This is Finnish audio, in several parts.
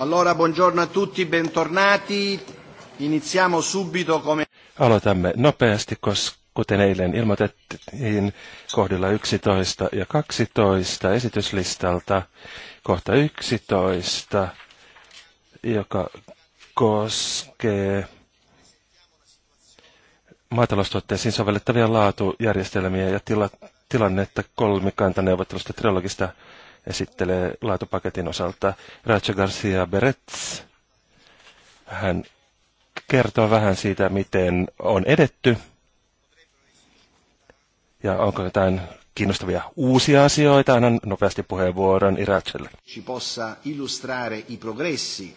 Allora, buongiorno a tutti, bentornati. Iniziamo subito come... Aloitamme nopeasti, koska kuten eilen ilmoitettiin kohdilla 11 ja 12 esityslistalta, kohta 11, joka koskee maataloustuotteisiin sovellettavia laatujärjestelmiä ja tila, tilannetta kolmikantaneuvottelusta trilogista esittelee laitopaketin osalta Racha Garcia Berets. Hän kertoo vähän siitä, miten on edetty ja onko jotain kiinnostavia uusia asioita. Annan nopeasti puheenvuoron Iracelle. Ci possa illustrare i progressi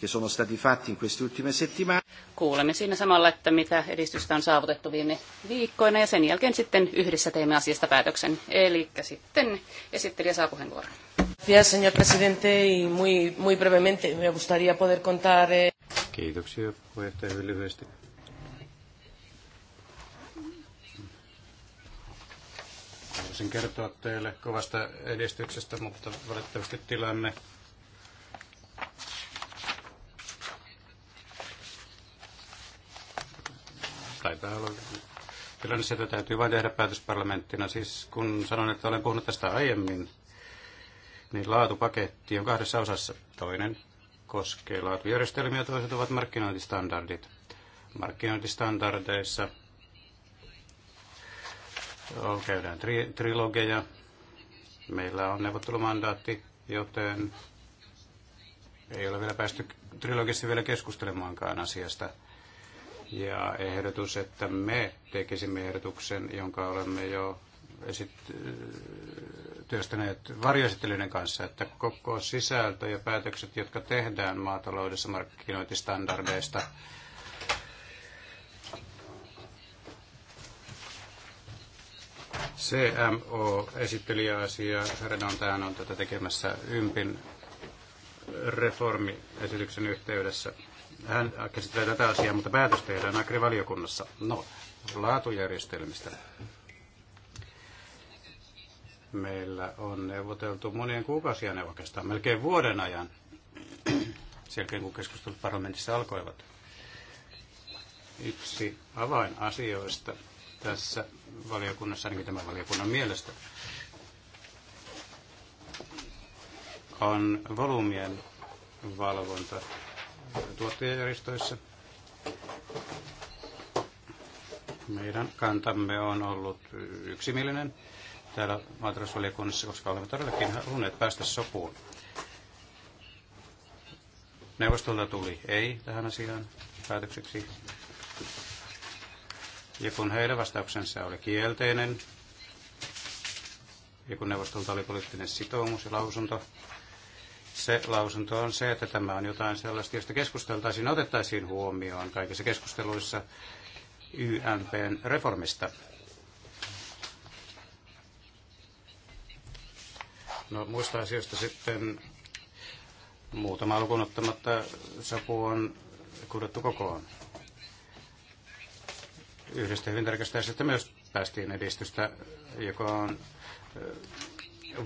che sono stati fatti in queste ultime settimane. Kuulemme siinä samalla, että mitä edistystä on saavutettu viime viikkoina ja sen jälkeen sitten yhdessä teemme asiasta päätöksen. Eli sitten esittelijä saa puheenvuoron. Gracias, señor presidente, y muy, muy brevemente me gustaría poder contar... Eh, Kiitoksia puheenjohtaja hyvin lyhyesti. Haluaisin kertoa teille kovasta edistyksestä, mutta valitettavasti tilanne taitaa olla tilanne, sieltä täytyy vain tehdä päätös parlamenttina. Siis kun sanon, että olen puhunut tästä aiemmin, niin laatupaketti on kahdessa osassa. Toinen koskee laatujärjestelmiä, toiset ovat markkinointistandardit. Markkinointistandardeissa käydään tri- trilogeja. Meillä on neuvottelumandaatti, joten ei ole vielä päästy trilogissa vielä keskustelemaankaan asiasta. Ja ehdotus, että me tekisimme ehdotuksen, jonka olemme jo esit- työstäneet varjoesittelyiden kanssa, että koko sisältö ja päätökset, jotka tehdään maataloudessa markkinointistandardeista, CMO esitteli asiaa. Redontaan on tätä tekemässä ympin reformiesityksen yhteydessä. Hän käsittelee tätä asiaa, mutta päätös tehdään agrivaliokunnassa. No, laatujärjestelmistä. Meillä on neuvoteltu monien kuukausien oikeastaan melkein vuoden ajan, selkeän kun keskustelut parlamentissa alkoivat. Yksi avainasioista tässä valiokunnassa, ainakin tämän valiokunnan mielestä, on volyymien valvonta tuottajajärjestöissä. Meidän kantamme on ollut yksimielinen täällä maatalousvaliokunnassa, koska olemme todellakin halunneet päästä sopuun. Neuvostolta tuli ei tähän asiaan päätökseksi. Ja kun heidän vastauksensa oli kielteinen, ja kun neuvostolta oli poliittinen sitoumus ja lausunto, se lausunto on se, että tämä on jotain sellaista, josta keskusteltaisiin, otettaisiin huomioon kaikissa keskusteluissa YMPn reformista. No, muista asioista sitten muutama lukuun ottamatta sapu on kudottu kokoon. Yhdestä hyvin tärkeästä asiasta myös päästiin edistystä, joka on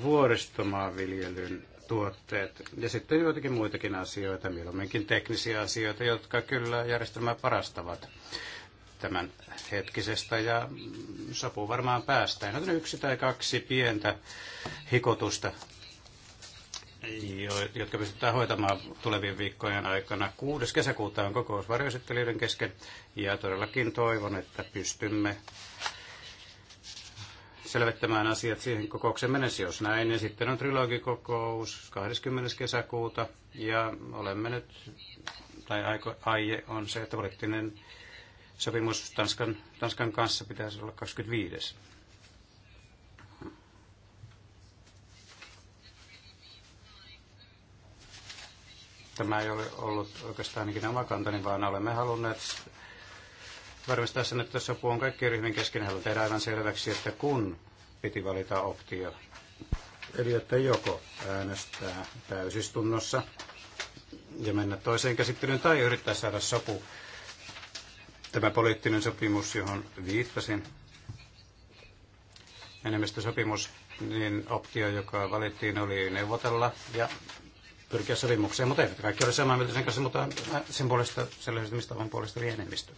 vuoristomaanviljelyn tuotteet. Ja sitten joitakin muitakin asioita, mieluumminkin teknisiä asioita, jotka kyllä järjestelmää parastavat tämän hetkisestä ja sopuu varmaan päästään. Joten yksi tai kaksi pientä hikotusta, jotka pystytään hoitamaan tulevien viikkojen aikana. 6. kesäkuuta on kokous varjoesittelijöiden kesken ja todellakin toivon, että pystymme selvittämään asiat siihen kokoukseen mennessä, jos näin. Ja niin sitten on trilogikokous 20. kesäkuuta ja olemme nyt, tai aiko, aie on se, että poliittinen sopimus Tanskan, Tanskan kanssa pitäisi olla 25. Tämä ei ole ollut oikeastaan ikinä oma kantani, vaan olemme halunneet varmistaa sen, että sopu on kaikkien ryhmien kesken. Haluan tehdä aivan selväksi, että kun piti valita optio, eli että joko äänestää täysistunnossa ja mennä toiseen käsittelyyn tai yrittää saada sopu. Tämä poliittinen sopimus, johon viittasin, enemmistösopimus, niin optio, joka valittiin, oli neuvotella ja pyrkiä sopimukseen, mutta eivät kaikki ole samaa mieltä sen kanssa, mutta äh, sen puolesta, sellaisesta mistä vain puolesta oli enemmistö.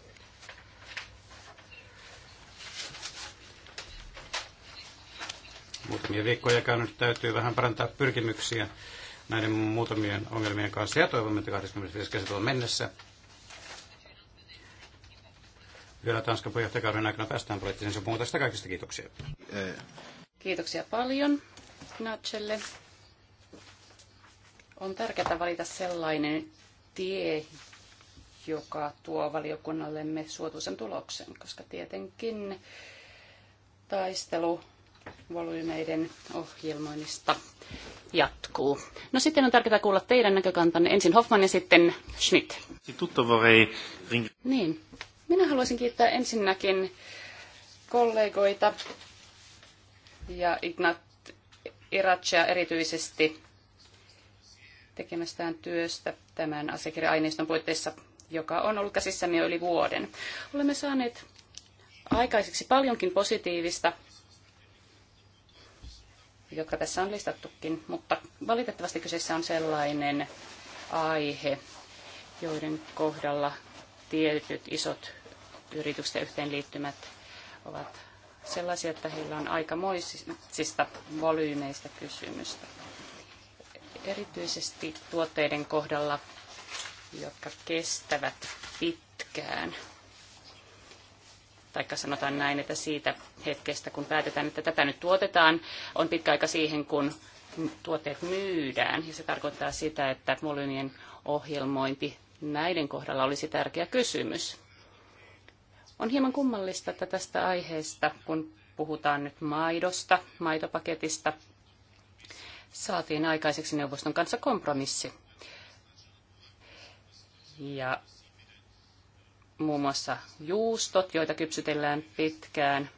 muutamia viikkoja käynyt, täytyy vähän parantaa pyrkimyksiä näiden muutamien ongelmien kanssa ja toivomme, että 25. kesäkuuta mennessä vielä Tanskan puheenjohtajakauden aikana päästään poliittiseen puhutaan Tästä kaikista kiitoksia. Kiitoksia paljon Natchelle. On tärkeää valita sellainen tie, joka tuo valiokunnallemme suotuisen tuloksen, koska tietenkin taistelu volyymeiden ohjelmoinnista jatkuu. No sitten on tärkeää kuulla teidän näkökantanne. Ensin Hoffman ja sitten Schmidt. Niin. Minä haluaisin kiittää ensinnäkin kollegoita ja Ignat Iratsia erityisesti tekemästään työstä tämän asiakirja-aineiston puitteissa, joka on ollut käsissämme jo yli vuoden. Olemme saaneet aikaiseksi paljonkin positiivista jotka tässä on listattukin, mutta valitettavasti kyseessä on sellainen aihe, joiden kohdalla tietyt isot yritykset ja yhteenliittymät ovat sellaisia, että heillä on aikamoisista volyymeista kysymystä. Erityisesti tuotteiden kohdalla, jotka kestävät pitkään – taikka sanotaan näin, että siitä hetkestä, kun päätetään, että tätä nyt tuotetaan, on pitkä aika siihen, kun tuotteet myydään. Ja se tarkoittaa sitä, että volyymien ohjelmointi näiden kohdalla olisi tärkeä kysymys. On hieman kummallista, että tästä aiheesta, kun puhutaan nyt maidosta, maitopaketista, saatiin aikaiseksi neuvoston kanssa kompromissi. Ja muun muassa juustot, joita kypsytellään pitkään,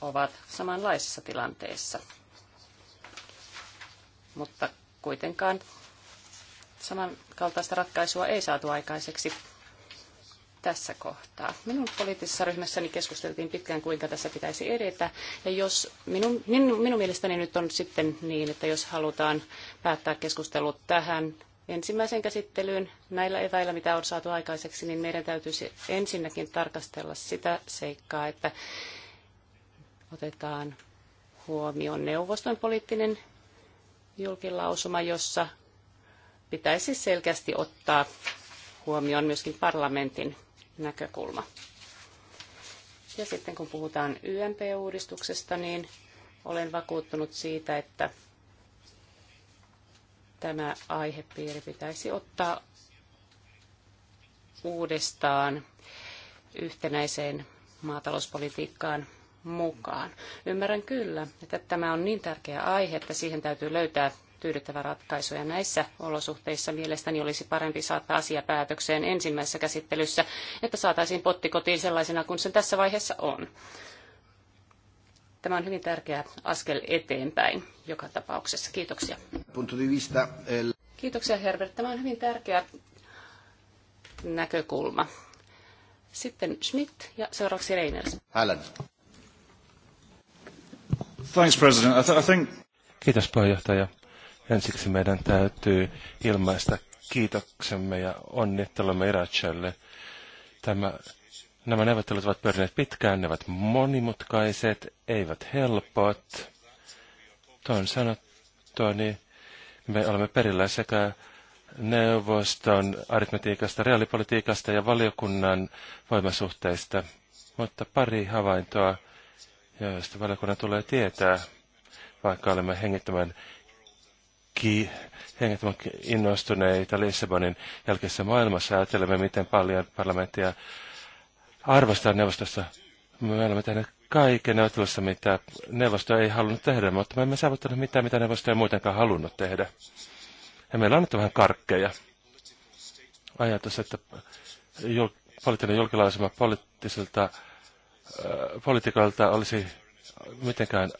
ovat samanlaisessa tilanteessa. Mutta kuitenkaan samankaltaista ratkaisua ei saatu aikaiseksi tässä kohtaa. Minun poliittisessa ryhmässäni keskusteltiin pitkään, kuinka tässä pitäisi edetä. Ja jos minun, minun, niin minun mielestäni nyt on sitten niin, että jos halutaan päättää keskustelu tähän ensimmäiseen käsittelyyn näillä eväillä, mitä on saatu aikaiseksi, niin meidän täytyisi ensinnäkin tarkastella sitä seikkaa, että otetaan huomioon neuvoston poliittinen julkilausuma, jossa pitäisi selkeästi ottaa huomioon myöskin parlamentin näkökulma. Ja sitten kun puhutaan YMP-uudistuksesta, niin olen vakuuttunut siitä, että tämä aihepiiri pitäisi ottaa uudestaan yhtenäiseen maatalouspolitiikkaan mukaan. Ymmärrän kyllä, että tämä on niin tärkeä aihe, että siihen täytyy löytää tyydyttävä ratkaisu. Ja näissä olosuhteissa mielestäni olisi parempi saattaa asia päätökseen ensimmäisessä käsittelyssä, että saataisiin potti kotiin sellaisena kuin se tässä vaiheessa on. Tämä on hyvin tärkeä askel eteenpäin joka tapauksessa. Kiitoksia. Eh, Kiitoksia Herbert. Tämä on hyvin tärkeä näkökulma. Sitten Schmidt ja seuraavaksi Reiners. Alan. Thanks, President. I, th I think... Kiitos puheenjohtaja. Ensiksi meidän täytyy ilmaista kiitoksemme ja onnittelumme Irachelle. Tämä Nämä neuvottelut ovat pyörineet pitkään, ne ovat monimutkaiset, eivät helpot. Tuon sanottua, niin me olemme perillä sekä neuvoston aritmetiikasta, reaalipolitiikasta ja valiokunnan voimasuhteista, mutta pari havaintoa, joista valiokunnan tulee tietää, vaikka olemme hengittämään ki, hengittämään innostuneita Lissabonin jälkeisessä maailmassa, ajattelemme, miten paljon parlamenttia arvostaa neuvostossa. Me olemme tehneet kaiken neuvottelussa, mitä neuvosto ei halunnut tehdä, mutta me emme saavuttaneet mitään, mitä neuvosto ei muutenkaan halunnut tehdä. Ja meillä on nyt vähän karkkeja. Ajatus, että jul, poliittinen julkilausuma poliittiselta äh, poliitikoilta olisi mitenkään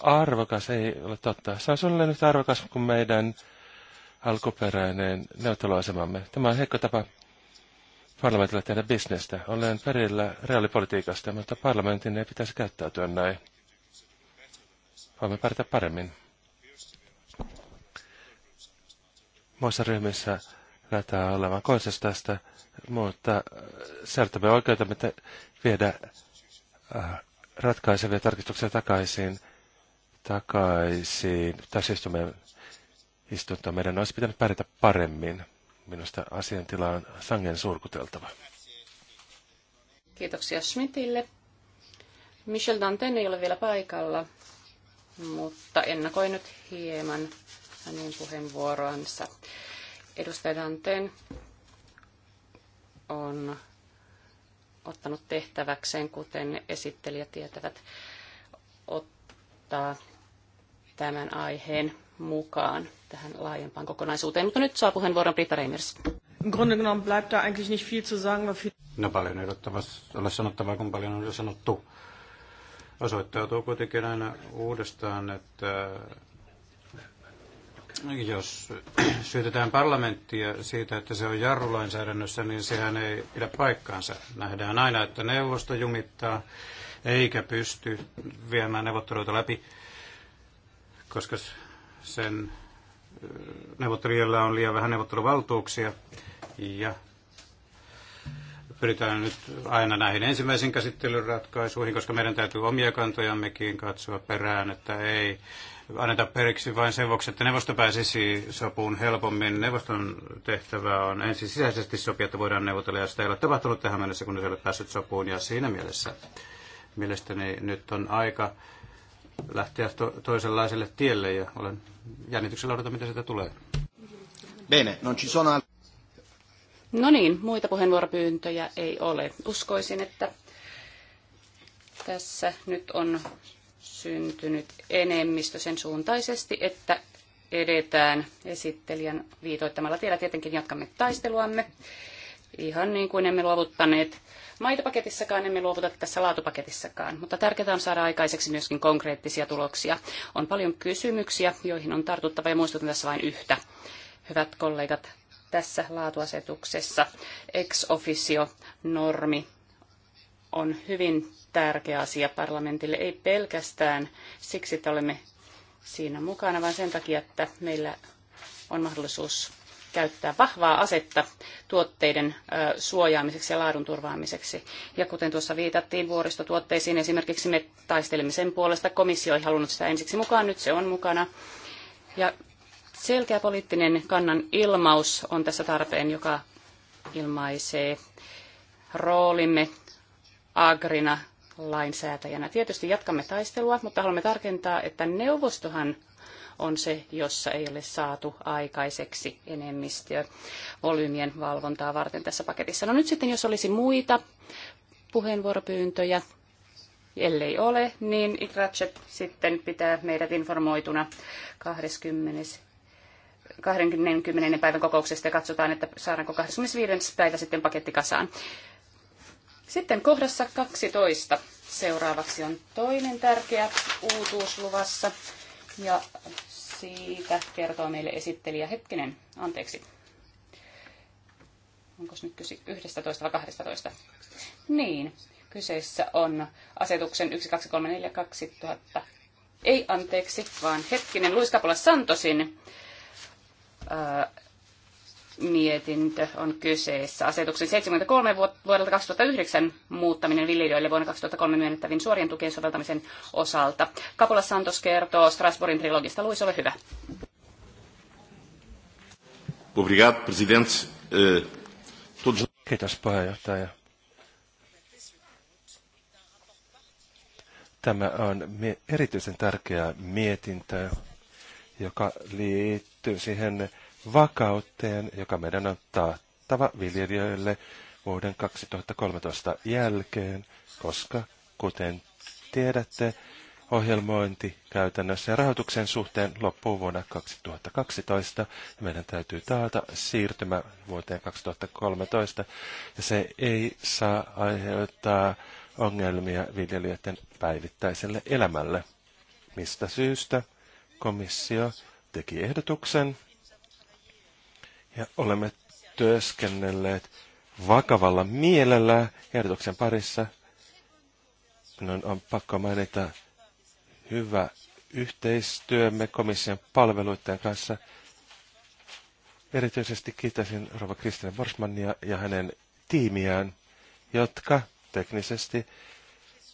arvokas, ei ole totta. Se on sinulle nyt arvokas kuin meidän alkuperäinen neuvotteluasemamme. Tämä on heikko tapa parlamentilla tehdä bisnestä. Olen perillä reaalipolitiikasta, mutta parlamentin ei pitäisi käyttäytyä näin. Voimme pärjätä paremmin. Muissa ryhmissä näyttää olevan konsensus tästä, mutta säilytämme että viedä äh, ratkaisevia tarkistuksia takaisin, takaisin täysistuntoon. Meidän olisi pitänyt pärjätä paremmin. Minusta asiantila on sangen surkuteltava. Kiitoksia Schmidtille. Michel Danten ei ole vielä paikalla, mutta ennakoin nyt hieman hänen puheenvuoroansa. Edustaja Danten on ottanut tehtäväkseen, kuten esittelijät tietävät, ottaa tämän aiheen mukaan tähän laajempaan kokonaisuuteen. Mutta nyt saa puheenvuoron Britta Reimers. No paljon ei ole sanottavaa, kun paljon on jo sanottu. Osoittautuu kuitenkin aina uudestaan, että jos syytetään parlamenttia siitä, että se on jarrulainsäädännössä, niin sehän ei pidä paikkaansa. Nähdään aina, että neuvosto jumittaa eikä pysty viemään neuvotteluita läpi, koska sen neuvottelijoilla on liian vähän neuvotteluvaltuuksia ja pyritään nyt aina näihin ensimmäisiin käsittelyn ratkaisuihin, koska meidän täytyy omia kantojammekin katsoa perään, että ei anneta periksi vain sen vuoksi, että neuvosto pääsisi sopuun helpommin. Neuvoston tehtävä on ensin sisäisesti sopia, että voidaan neuvotella, ja sitä ei ole tapahtunut tähän mennessä, kun ei ole päässyt sopuun, ja siinä mielessä mielestäni nyt on aika lähteä to- toisenlaiselle tielle ja olen jännityksellä odotan, mitä sitä tulee. Bene, non ci sono... No niin, muita puheenvuoropyyntöjä ei ole. Uskoisin, että tässä nyt on syntynyt enemmistö sen suuntaisesti, että edetään esittelijän viitoittamalla tiellä. Tietenkin jatkamme taisteluamme Ihan niin kuin emme luovuttaneet maitopaketissakaan, emme luovuta tässä laatupaketissakaan. Mutta tärkeää on saada aikaiseksi myöskin konkreettisia tuloksia. On paljon kysymyksiä, joihin on tartuttava ja muistutan tässä vain yhtä. Hyvät kollegat, tässä laatuasetuksessa ex officio normi on hyvin tärkeä asia parlamentille, ei pelkästään siksi, että olemme siinä mukana, vaan sen takia, että meillä on mahdollisuus käyttää vahvaa asetta tuotteiden suojaamiseksi ja laadun turvaamiseksi. Ja kuten tuossa viitattiin vuoristotuotteisiin, esimerkiksi me taistelimme sen puolesta, komissio ei halunnut sitä ensiksi mukaan, nyt se on mukana. Ja selkeä poliittinen kannan ilmaus on tässä tarpeen, joka ilmaisee roolimme agrina lainsäätäjänä. Tietysti jatkamme taistelua, mutta haluamme tarkentaa, että neuvostohan on se, jossa ei ole saatu aikaiseksi enemmistö volyymien valvontaa varten tässä paketissa. No nyt sitten, jos olisi muita puheenvuoropyyntöjä, ellei ole, niin Ratchet sitten pitää meidät informoituna 20. 20. päivän kokouksesta ja katsotaan, että saadaanko 25. päivä sitten paketti kasaan. Sitten kohdassa 12 seuraavaksi on toinen tärkeä uutuusluvassa ja siitä kertoo meille esittelijä hetkinen. Anteeksi. Onko nyt kyse 11 vai 12? Niin, kyseessä on asetuksen 12342000. Ei anteeksi, vaan hetkinen Luis Kapola Santosin ää, mietintö on kyseessä. Asetuksen 73 vuodelta 2009 muuttaminen viljelijöille vuonna 2003 myönnettävin suorien tukien soveltamisen osalta. Kapula Santos kertoo Strasbourgin trilogista. Luis, ole hyvä. Obrigado, eh, Kiitos puheenjohtaja. Tämä on erityisen tärkeä mietintö, joka liittyy siihen vakauteen, joka meidän on taattava viljelijöille vuoden 2013 jälkeen, koska, kuten tiedätte, ohjelmointi käytännössä ja rahoituksen suhteen loppuu vuonna 2012 ja meidän täytyy taata siirtymä vuoteen 2013 ja se ei saa aiheuttaa ongelmia viljelijöiden päivittäiselle elämälle. Mistä syystä komissio teki ehdotuksen, ja olemme työskennelleet vakavalla mielellä ehdotuksen parissa. Minun on pakko mainita hyvä yhteistyömme komission palveluiden kanssa. Erityisesti kiitäisin Rova Kristina Borsmannia ja hänen tiimiään, jotka teknisesti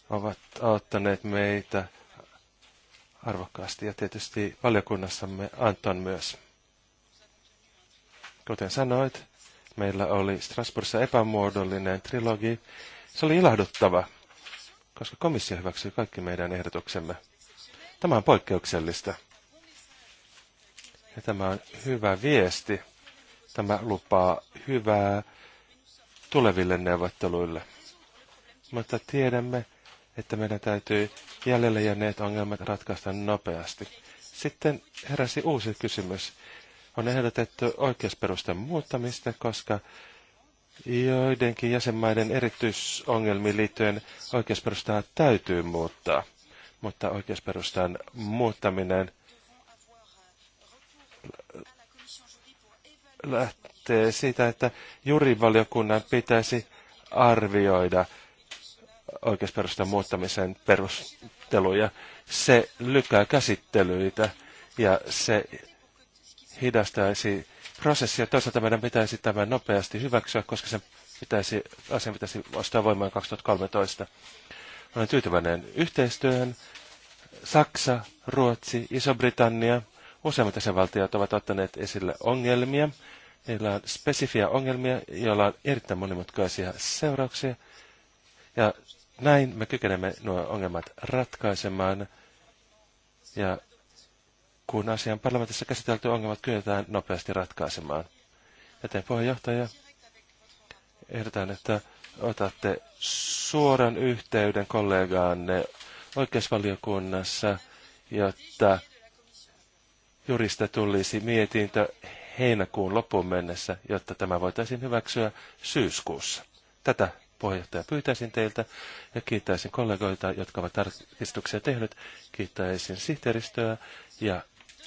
ovat auttaneet meitä arvokkaasti ja tietysti valiokunnassamme Anton myös. Kuten sanoit, meillä oli Strasbourgissa epämuodollinen trilogi. Se oli ilahduttava, koska komissio hyväksyi kaikki meidän ehdotuksemme. Tämä on poikkeuksellista. Ja tämä on hyvä viesti. Tämä lupaa hyvää tuleville neuvotteluille. Mutta tiedämme, että meidän täytyy jäljelle jääneet ongelmat ratkaista nopeasti. Sitten heräsi uusi kysymys on ehdotettu oikeusperusten muuttamista, koska joidenkin jäsenmaiden erityisongelmiin liittyen oikeusperustaa täytyy muuttaa. Mutta oikeusperustan muuttaminen lähtee siitä, että jurivaliokunnan pitäisi arvioida oikeusperustan muuttamisen perusteluja. Se lykkää käsittelyitä ja se hidastaisi prosessia. Toisaalta meidän pitäisi tämä nopeasti hyväksyä, koska sen pitäisi, asian pitäisi ostaa voimaan 2013. Olen tyytyväinen yhteistyöhön. Saksa, Ruotsi, Iso-Britannia, useimmat jäsenvaltiot ovat ottaneet esille ongelmia. Niillä on spesifiä ongelmia, joilla on erittäin monimutkaisia seurauksia. Ja näin me kykenemme nuo ongelmat ratkaisemaan. Ja kun asian parlamentissa käsitelty ongelmat kyetään nopeasti ratkaisemaan. Joten puheenjohtaja, ehdotan, että otatte suoran yhteyden kollegaanne oikeusvaliokunnassa, jotta jurista tulisi mietintö heinäkuun loppuun mennessä, jotta tämä voitaisiin hyväksyä syyskuussa. Tätä puheenjohtaja pyytäisin teiltä ja kiittäisin kollegoita, jotka ovat tarkistuksia tehneet. Kiittäisin sihteeristöä ja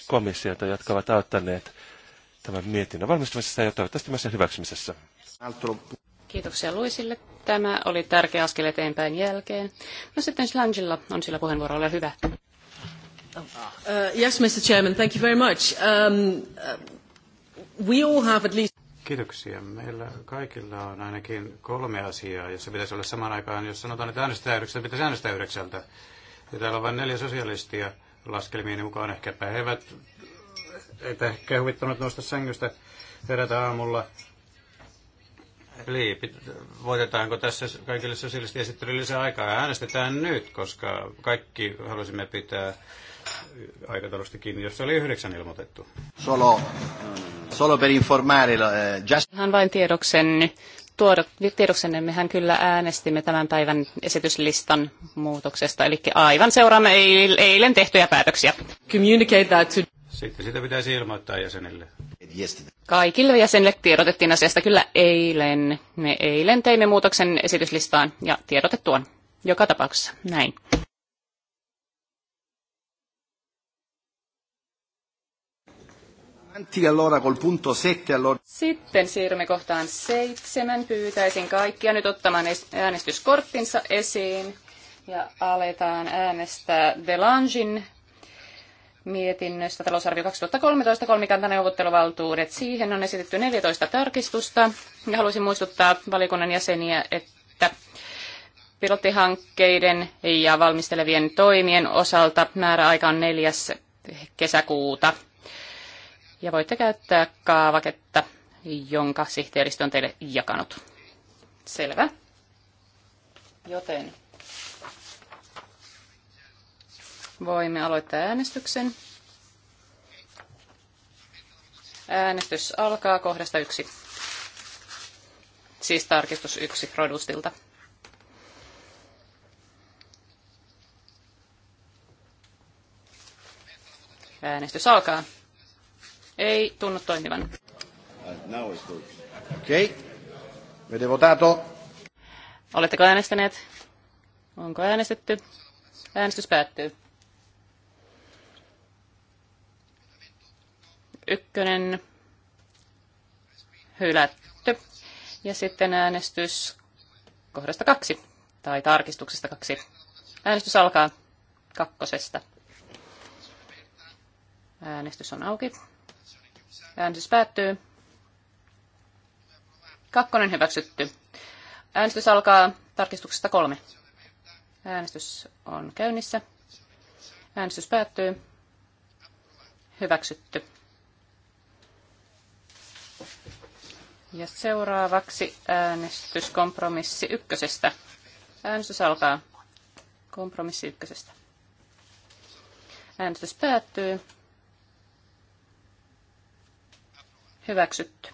komissiota, jotka ovat auttaneet tämän mietinnön valmistumisessa ja toivottavasti myös sen hyväksymisessä. Kiitoksia Luisille. Tämä oli tärkeä askel eteenpäin jälkeen. No sitten Slangilla on sillä puheenvuoro, ole hyvä. Uh, yes, Mr. Chairman, thank you very much. Um, uh, we all have at least... Kiitoksia. Meillä kaikilla on ainakin kolme asiaa, jossa pitäisi olla samaan aikaan. Jos sanotaan, että äänestetään yhdeksältä, pitäisi äänestää yhdeksältä. Ja täällä on vain neljä sosialistia laskelmien niin mukaan ehkä he Et ehkä huvittanut nousta sängystä herätä aamulla. Eli voitetaanko tässä kaikille sosiaalisesti esittelyille lisää aikaa? Äänestetään nyt, koska kaikki halusimme pitää aikataulusta kiinni, jossa oli yhdeksän ilmoitettu. Solo, solo per informare, eh, just... Hän vain tiedoksen tiedoksenne, mehän kyllä äänestimme tämän päivän esityslistan muutoksesta, eli aivan seuraamme eilen tehtyjä päätöksiä. Communicate that to... Sitten sitä pitäisi ilmoittaa jäsenille. Kaikille jäsenille tiedotettiin asiasta kyllä eilen. Me eilen teimme muutoksen esityslistaan ja tiedotettuaan joka tapauksessa. Näin. Sitten siirrymme kohtaan seitsemän. Pyytäisin kaikkia nyt ottamaan äänestyskorttinsa esiin ja aletaan äänestää Delangin mietinnöstä talousarvio 2013 neuvotteluvaltuudet. Siihen on esitetty 14 tarkistusta ja haluaisin muistuttaa valiokunnan jäseniä, että pilottihankkeiden ja valmistelevien toimien osalta määräaika on 4. kesäkuuta ja voitte käyttää kaavaketta, jonka sihteeristö on teille jakanut. Selvä. Joten voimme aloittaa äänestyksen. Äänestys alkaa kohdasta yksi. Siis tarkistus yksi produstilta. Äänestys alkaa. Ei tunnu toimivan. Okei. Okay. votato? Oletteko äänestäneet? Onko äänestetty? Äänestys päättyy. Ykkönen hylätty. Ja sitten äänestys kohdasta kaksi, tai tarkistuksesta kaksi. Äänestys alkaa kakkosesta. Äänestys on auki. Äänestys päättyy. Kakkonen hyväksytty. Äänestys alkaa tarkistuksesta kolme. Äänestys on käynnissä. Äänestys päättyy. Hyväksytty. Ja seuraavaksi äänestys kompromissi ykkösestä. Äänestys alkaa kompromissi ykkösestä. Äänestys päättyy. Hyväksytty.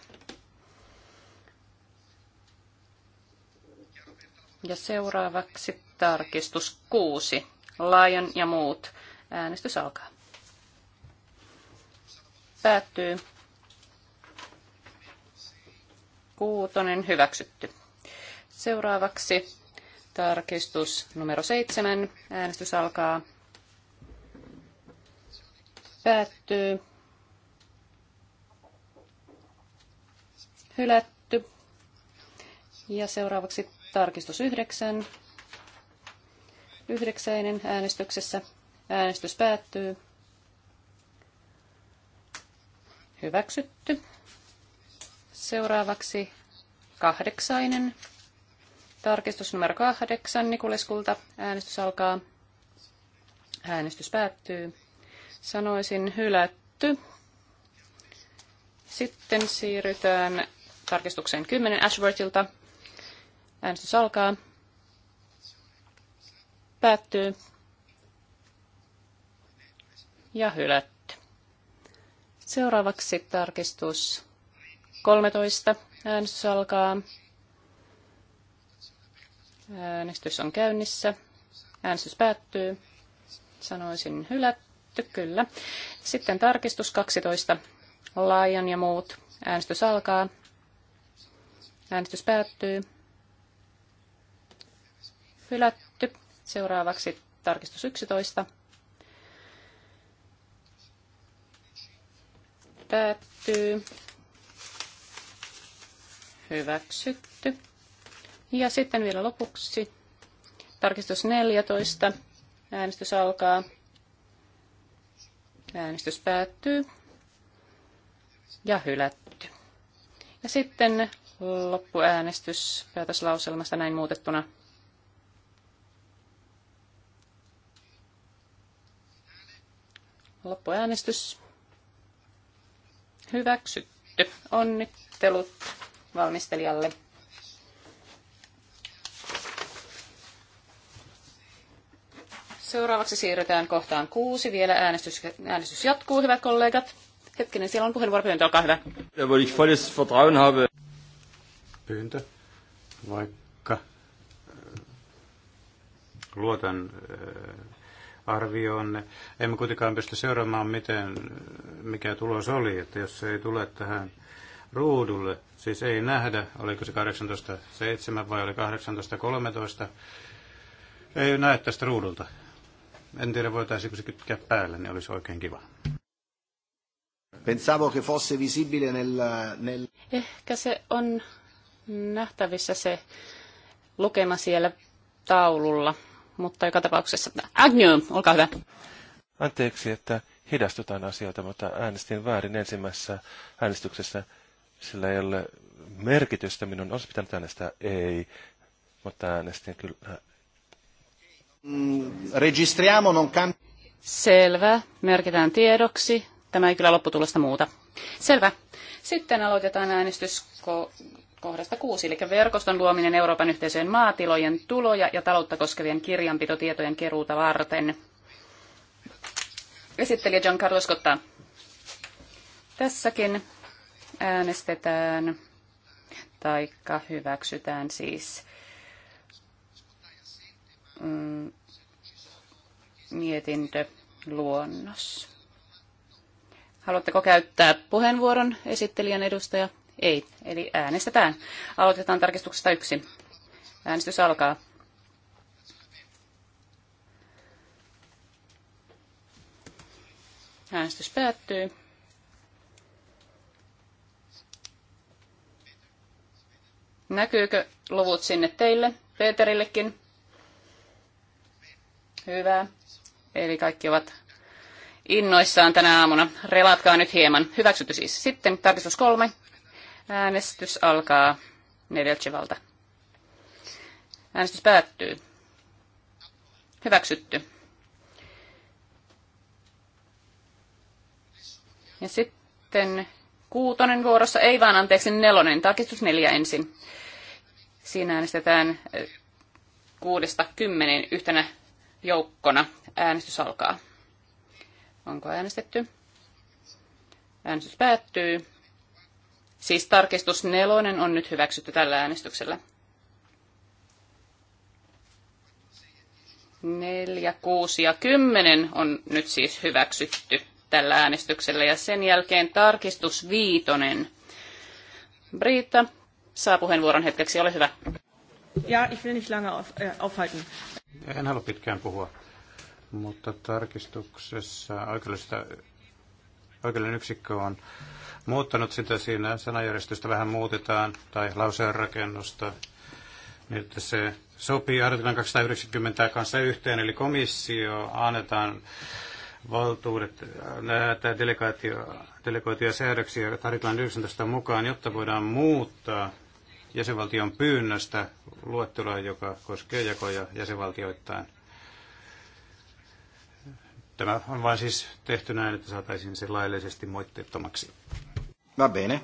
Ja seuraavaksi tarkistus kuusi. Laajan ja muut. Äänestys alkaa. Päättyy. Kuutonen hyväksytty. Seuraavaksi tarkistus numero seitsemän. Äänestys alkaa. Päättyy. hylätty. Ja seuraavaksi tarkistus 9. Yhdeksäinen äänestyksessä. Äänestys päättyy. Hyväksytty. Seuraavaksi kahdeksainen. Tarkistus numero kahdeksan Nikuleskulta. Äänestys alkaa. Äänestys päättyy. Sanoisin hylätty. Sitten siirrytään tarkistukseen 10 Ashworthilta. Äänestys alkaa. Päättyy. Ja hylätty. Seuraavaksi tarkistus 13. Äänestys alkaa. Äänestys on käynnissä. Äänestys päättyy. Sanoisin hylätty, kyllä. Sitten tarkistus 12. Laajan ja muut. Äänestys alkaa. Äänestys päättyy. Hylätty. Seuraavaksi tarkistus 11. Päättyy. Hyväksytty. Ja sitten vielä lopuksi tarkistus 14. Äänestys alkaa. Äänestys päättyy. Ja hylätty. Ja sitten loppuäänestys päätöslauselmasta näin muutettuna. Loppuäänestys. Hyväksytty. Onnittelut valmistelijalle. Seuraavaksi siirrytään kohtaan kuusi. Vielä äänestys, äänestys jatkuu, hyvät kollegat. Hetkinen, siellä on puheenvuoropyyntö, olkaa hyvä. Ja, weil ich volles Vertrauen habe pyyntö, vaikka äh, luotan äh, arvioonne. Emme kuitenkaan pysty seuraamaan, miten, äh, mikä tulos oli, että jos se ei tule tähän ruudulle, siis ei nähdä, oliko se 18.7 vai oli 18.13, ei näe tästä ruudulta. En tiedä, voitaisiinko se kytkeä päälle, niin olisi oikein kiva. Pensavo che fosse visibile nel, nel... Ehkä se on nähtävissä se lukema siellä taululla. Mutta joka tapauksessa, Agnew, olkaa hyvä. Anteeksi, että hidastutaan asioita, mutta äänestin väärin ensimmäisessä äänestyksessä. Sillä ei ole merkitystä, minun olisi pitänyt äänestää ei, mutta äänestin kyllä. Mm, registriamo non can. Selvä, merkitään tiedoksi. Tämä ei kyllä lopputulosta muuta. Selvä. Sitten aloitetaan äänestys kohdasta 6, eli verkoston luominen Euroopan yhteisöjen maatilojen tuloja ja taloutta koskevien kirjanpitotietojen keruuta varten. Esittelijä John Carlos Cotta. Tässäkin äänestetään, taikka hyväksytään siis mm, mietintöluonnos. Haluatteko käyttää puheenvuoron esittelijän edustaja? Ei, eli äänestetään. Aloitetaan tarkistuksesta yksi. Äänestys alkaa. Äänestys päättyy. Näkyykö luvut sinne teille, Peterillekin? Hyvä. Eli kaikki ovat innoissaan tänä aamuna. Relatkaa nyt hieman. Hyväksytty siis. Sitten tarkistus kolme. Äänestys alkaa Nedelchevalta. Äänestys päättyy. Hyväksytty. Ja sitten kuutonen vuorossa, ei vaan anteeksi nelonen, tarkistus neljä ensin. Siinä äänestetään kuudesta kymmenen yhtenä joukkona. Äänestys alkaa. Onko äänestetty? Äänestys päättyy. Siis tarkistus nelonen on nyt hyväksytty tällä äänestyksellä. Neljä, kuusi ja kymmenen on nyt siis hyväksytty tällä äänestyksellä. Ja sen jälkeen tarkistus viitonen. Britta, saa puheenvuoron hetkeksi, ole hyvä. Ja, ich will nicht lange auf, äh, aufhalten. En halua pitkään puhua, mutta tarkistuksessa oikeudellinen yksikkö on muuttanut sitä. Siinä sanajärjestystä vähän muutetaan tai lauseen niin, Nyt se sopii artiklan 290 kanssa yhteen, eli komissio annetaan valtuudet, näitä delegaatio, delegoituja säädöksiä artiklan 19 mukaan, jotta voidaan muuttaa jäsenvaltion pyynnöstä luettelua, joka koskee jakoja jäsenvaltioittain. Tämä on vain siis tehty näin, että saataisiin se laillisesti moitteettomaksi. Va bene.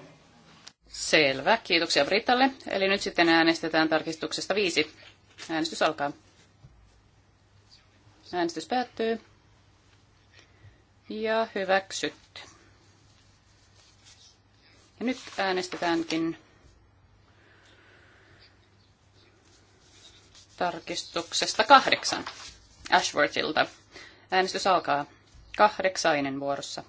Selvä. Kiitoksia Britalle. Eli nyt sitten äänestetään tarkistuksesta viisi. Äänestys alkaa. Äänestys päättyy. Ja hyväksytty. Ja nyt äänestetäänkin tarkistuksesta kahdeksan Ashworthilta. Äänestys alkaa. Kahdeksainen vuorossa.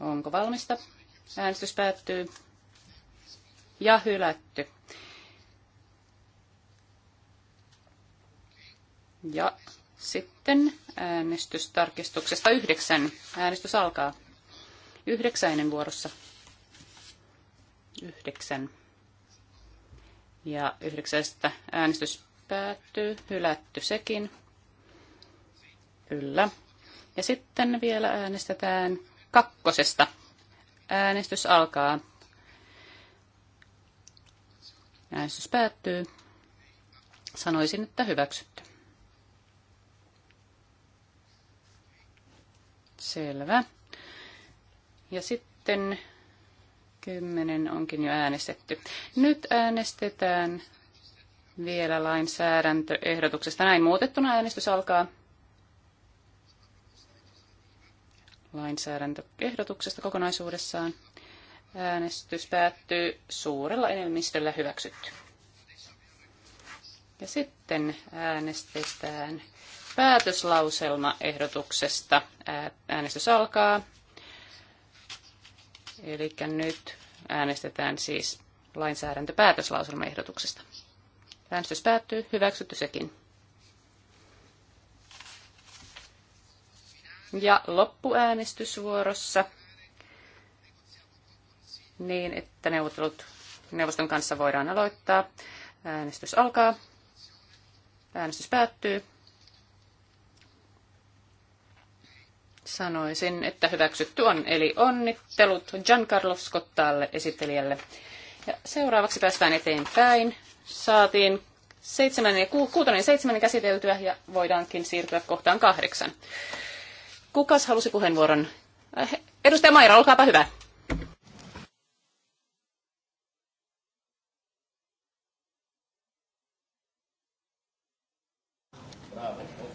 Onko valmista? Äänestys päättyy. Ja hylätty. Ja sitten äänestystarkistuksesta yhdeksän. Äänestys alkaa. Yhdeksäinen vuorossa. Yhdeksän. Ja yhdeksästä äänestys päättyy. Hylätty sekin. Kyllä. Ja sitten vielä äänestetään kakkosesta. Äänestys alkaa. Äänestys päättyy. Sanoisin, että hyväksytty. Selvä. Ja sitten kymmenen onkin jo äänestetty. Nyt äänestetään vielä lainsäädäntöehdotuksesta. Näin muutettuna äänestys alkaa. lainsäädäntöehdotuksesta kokonaisuudessaan. Äänestys päättyy suurella enemmistöllä hyväksytty. Ja sitten äänestetään päätöslauselmaehdotuksesta. Äänestys alkaa. Eli nyt äänestetään siis lainsäädäntöpäätöslauselmaehdotuksesta. Äänestys päättyy, hyväksytty sekin. ja loppuäänestysvuorossa niin, että neuvottelut neuvoston kanssa voidaan aloittaa. Äänestys alkaa. Äänestys päättyy. Sanoisin, että hyväksytty on, eli onnittelut Giancarlo Scottalle esittelijälle. Ja seuraavaksi päästään eteenpäin. Saatiin seitsemän, ku, kuutonen ja seitsemän käsiteltyä ja voidaankin siirtyä kohtaan kahdeksan. Kukas halusi puheenvuoron? Äh, edustaja Maira, olkaapa hyvä.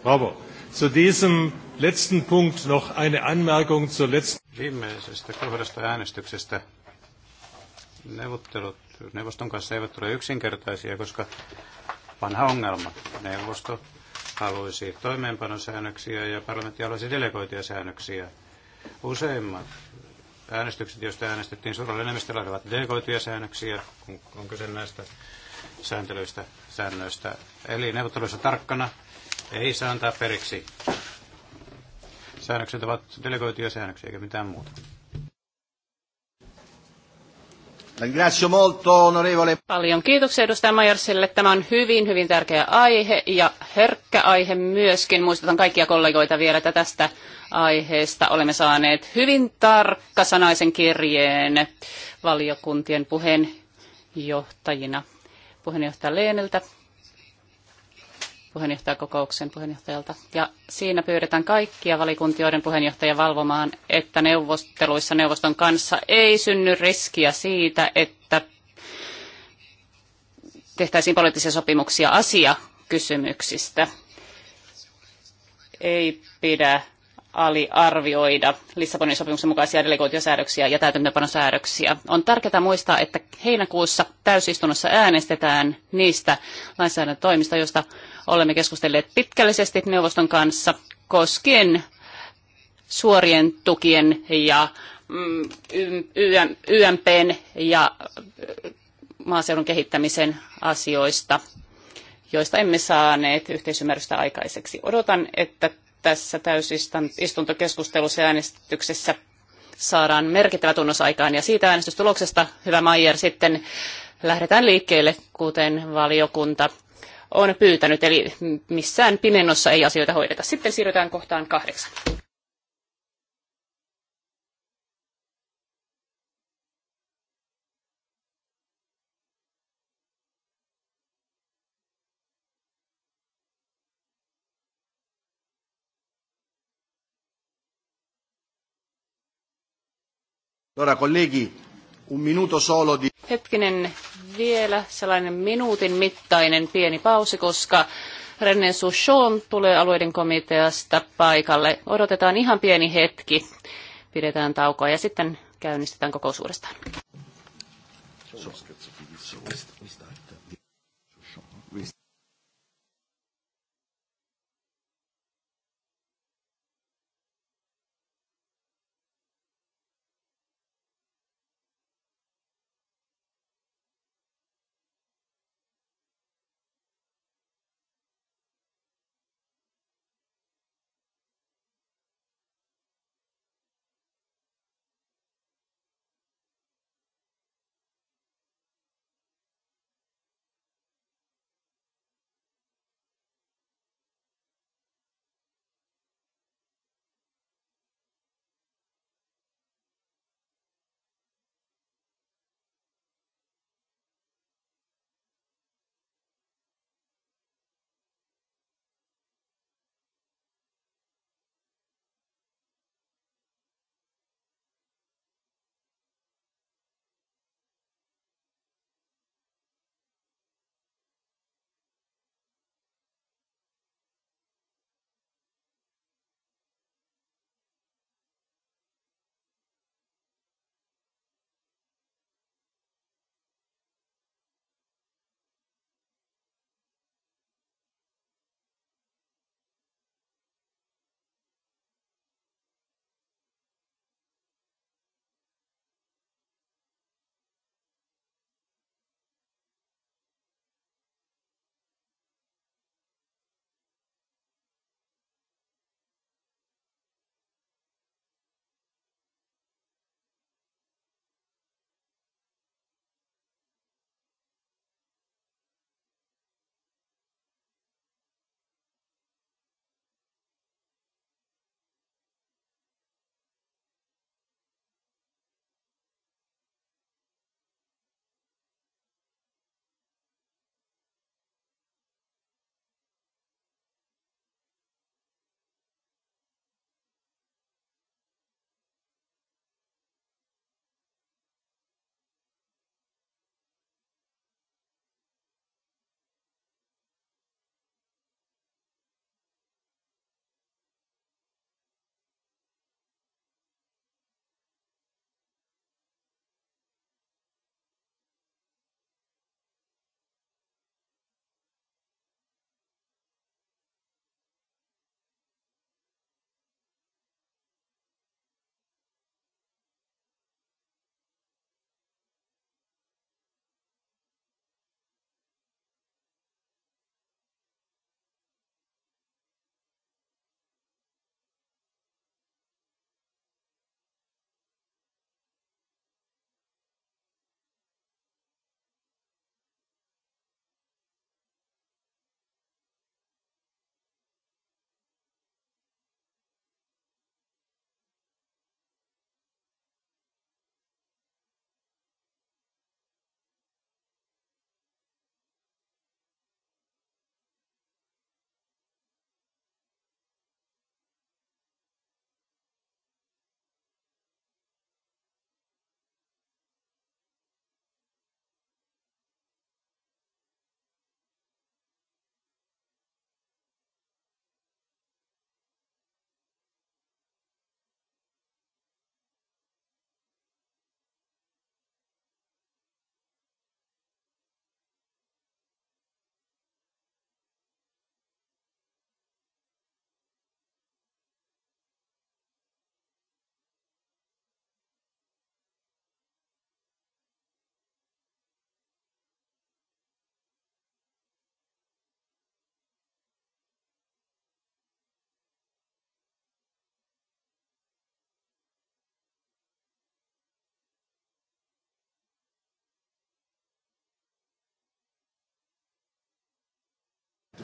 Bravo. Zu diesem letzten Punkt noch eine Anmerkung zur letzten... Viimeisestä kohdasta äänestyksestä neuvottelut neuvoston kanssa eivät ole yksinkertaisia, koska vanha ongelma. Neuvosto haluaisi toimeenpanosäännöksiä ja parlamentti haluaisi delegoituja säännöksiä. Useimmat äänestykset, joista äänestettiin suurella enemmistöllä, olivat delegoituja säännöksiä, kun on kyse näistä sääntelyistä, säännöistä. Eli neuvotteluissa tarkkana ei saa antaa periksi. Säännökset ovat delegoituja säännöksiä eikä mitään muuta. Paljon kiitoksia edustaja Majersille. Tämä on hyvin, hyvin tärkeä aihe ja herkkä aihe myöskin. Muistutan kaikkia kollegoita vielä, että tästä aiheesta olemme saaneet hyvin tarkkasanaisen kirjeen valiokuntien puheenjohtajina. Puheenjohtaja Leeneltä puheenjohtajakokouksen puheenjohtajalta. Ja siinä pyydetään kaikkia valikuntioiden puheenjohtajia valvomaan, että neuvotteluissa neuvoston kanssa ei synny riskiä siitä, että tehtäisiin poliittisia sopimuksia asiakysymyksistä. Ei pidä aliarvioida Lissabonin sopimuksen mukaisia delegointiosäädöksiä ja täytäntöönpanosäädöksiä. On tärkeää muistaa, että heinäkuussa täysistunnossa äänestetään niistä lainsäädäntötoimista, joista olemme keskustelleet pitkällisesti neuvoston kanssa koskien suorien tukien ja YMPn ja maaseudun kehittämisen asioista, joista emme saaneet yhteisymmärrystä aikaiseksi. Odotan, että tässä täysistuntokeskustelussa ja äänestyksessä saadaan merkittävä tunnus aikaan. Ja siitä äänestystuloksesta, hyvä Maijer, sitten lähdetään liikkeelle, kuten valiokunta on pyytänyt. Eli missään pimennossa ei asioita hoideta. Sitten siirrytään kohtaan kahdeksan. Allora, colleghi, un minuto solo di... Hetkinen vielä sellainen minuutin mittainen pieni pausi, koska René Souchon tulee alueiden komiteasta paikalle. Odotetaan ihan pieni hetki, pidetään taukoa ja sitten käynnistetään kokous uudestaan. So, so, so,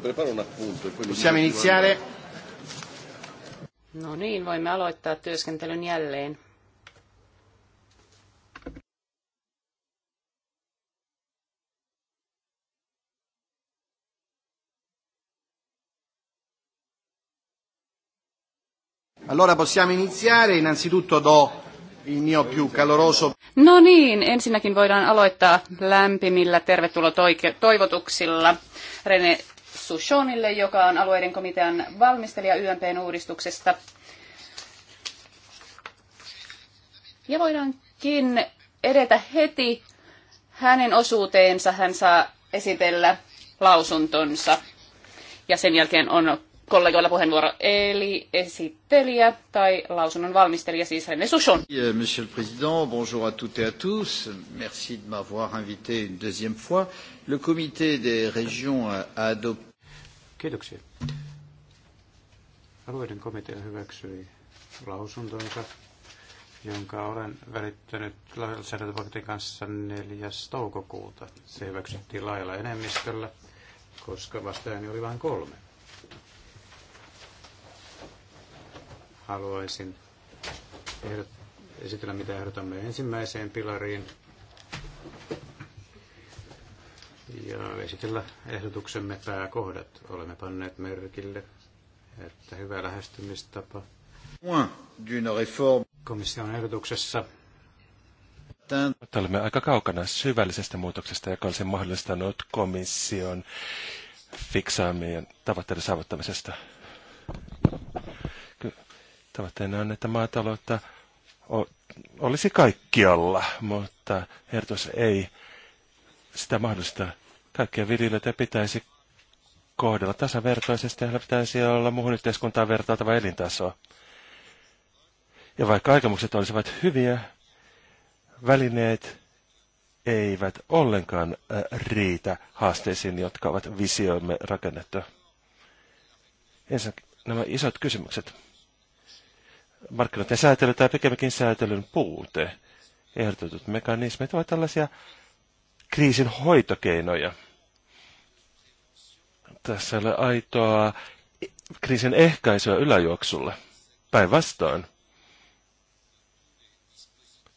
Prepara un appunto. E Possiamo iniziare? No niin, voimme aloittaa työskentelyn jälleen. Allora possiamo iniziare, innanzitutto do il mio più caloroso. No niin, ensinnäkin voidaan aloittaa lämpimillä tervetulo toivotuksilla. Rene Sushonille, joka on alueiden komitean valmistelija YMPn uudistuksesta. Ja voidaankin edetä heti hänen osuuteensa. Hän saa esitellä lausuntonsa. Ja sen jälkeen on kollegoilla puheenvuoro, eli esittelijä tai lausunnon valmistelija, siis René Souchon. Monsieur le Président, bonjour à toutes et à tous. Merci de m'avoir invité une deuxième fois. Le comité des régions a adopté Kiitoksia. Alueiden komitea hyväksyi lausuntonsa, jonka olen välittänyt lainsäädäntöpaketin kanssa 4. toukokuuta. Se hyväksyttiin laajalla enemmistöllä, koska vastaajani oli vain kolme. Haluaisin ehdot- esitellä, mitä ehdotamme ensimmäiseen pilariin ja esitellä ehdotuksemme pääkohdat. Olemme panneet merkille, että hyvä lähestymistapa komission ehdotuksessa olemme aika kaukana syvällisestä muutoksesta, joka olisi mahdollistanut komission fiksaamien tavoitteiden saavuttamisesta. Tavoitteena on, että maataloutta olisi kaikkialla, mutta ehdotus ei sitä mahdollista. Kaikkia viljelijöitä pitäisi kohdella tasavertaisesti ja heillä pitäisi olla muuhun yhteiskuntaan vertaava elintasoa. Ja vaikka aikomukset olisivat hyviä, välineet eivät ollenkaan riitä haasteisiin, jotka ovat visioimme rakennettu. Ensinnäkin nämä isot kysymykset. Markkinoiden säätely tai pikemminkin säätelyn puute. Ehdotetut mekanismit ovat tällaisia kriisin hoitokeinoja. Tässä ei ole aitoa kriisin ehkäisyä yläjuoksulle. Päinvastoin.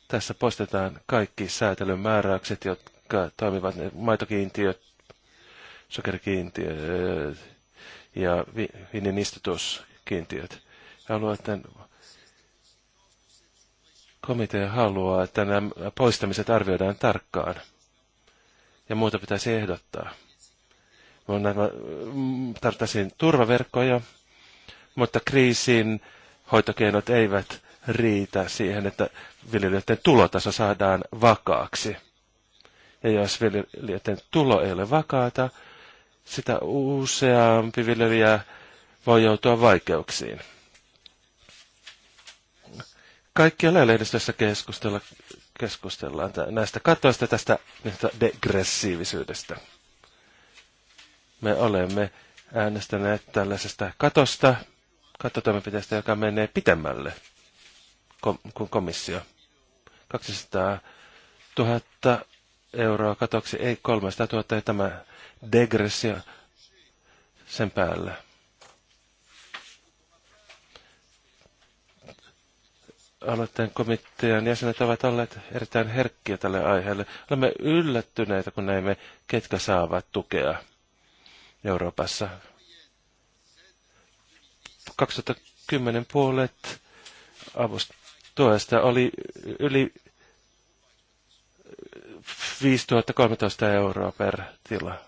Tässä poistetaan kaikki säätelyn määräykset, jotka toimivat maitokiintiöt, sokerikiintiöt ja viinin istutuskiintiöt. että komitea haluaa, että nämä poistamiset arvioidaan tarkkaan ja muuta pitäisi ehdottaa. Mm, tarvittaisiin turvaverkkoja, mutta kriisin hoitokeinot eivät riitä siihen, että viljelijöiden tulotaso saadaan vakaaksi. Ja jos viljelijöiden tulo ei ole vakaata, sitä useampi viljelijä voi joutua vaikeuksiin. Kaikkialla lehdistössä keskustella keskustellaan näistä katoista tästä degressiivisyydestä. Me olemme äänestäneet tällaisesta katosta, katotoimenpiteestä, joka menee pitemmälle kuin komissio. 200 000 euroa katoksi, ei 300 000, ei tämä degressio sen päällä. aloitteen komitean jäsenet ovat olleet erittäin herkkiä tälle aiheelle. Olemme yllättyneitä, kun näemme, ketkä saavat tukea Euroopassa. 2010 puolet avustuesta oli yli 5013 euroa per tila.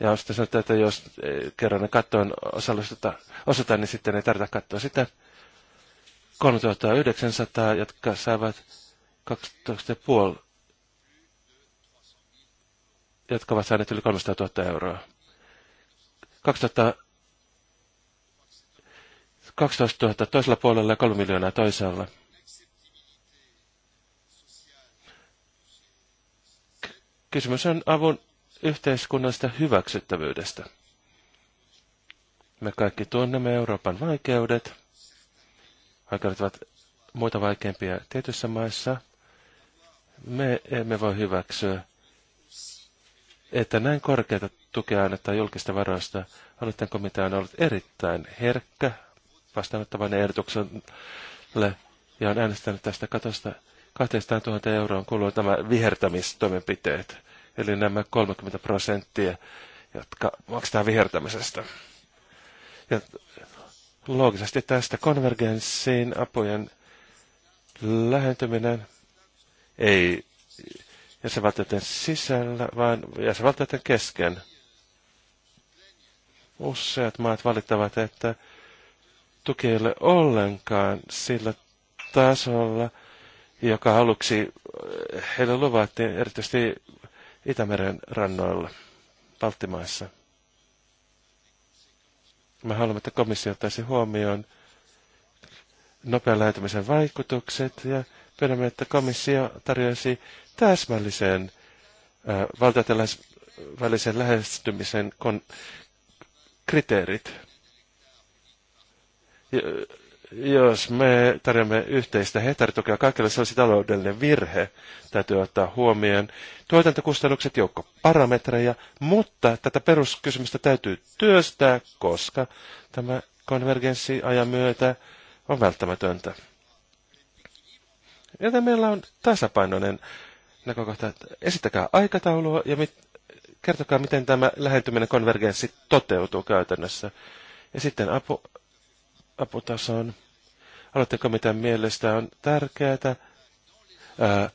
Ja on sitten sanottu, että jos eh, kerran ne kattoon osataan, niin sitten ei tarvita katsoa sitä. 3900, jotka saavat 12,5, jotka ovat saaneet yli 300 000 euroa. 2000, 12 000 toisella puolella ja 3 miljoonaa toisella. Kysymys on avun yhteiskunnallisesta hyväksyttävyydestä. Me kaikki tunnemme Euroopan vaikeudet. Vaikeudet ovat muita vaikeampia tietyissä maissa. Me emme voi hyväksyä, että näin korkeata tukea annetaan julkista varoista. Aloitteen komitea on ollut erittäin herkkä vastaanottavan ehdotukselle ja on äänestänyt tästä katosta 200 000 euroon kuuluu tämä vihertämistoimenpiteet eli nämä 30 prosenttia, jotka maksetaan vihertämisestä. Ja loogisesti tästä konvergenssiin apujen lähentyminen ei jäsenvaltioiden sisällä, vaan jäsenvaltioiden kesken. Useat maat valittavat, että tuki ei ole ollenkaan sillä tasolla, joka aluksi heille luvattiin, erityisesti Itämeren rannoilla, Baltimaissa. Me haluamme, että komissio ottaisi huomioon nopean lähentämisen vaikutukset ja pyydämme, että komissio tarjoaisi täsmälliseen valtioiden välisen lähestymisen kon- kriteerit jos me tarjoamme yhteistä hehtaaritukea kaikille, se olisi taloudellinen virhe. Täytyy ottaa huomioon tuotantokustannukset, joukko parametreja, mutta tätä peruskysymystä täytyy työstää, koska tämä konvergenssi ajan myötä on välttämätöntä. Joten meillä on tasapainoinen näkökohta, että esittäkää aikataulua ja mit, kertokaa, miten tämä lähentyminen konvergenssi toteutuu käytännössä. Ja sitten apu, aputason. mitä mielestä on tärkeää ää,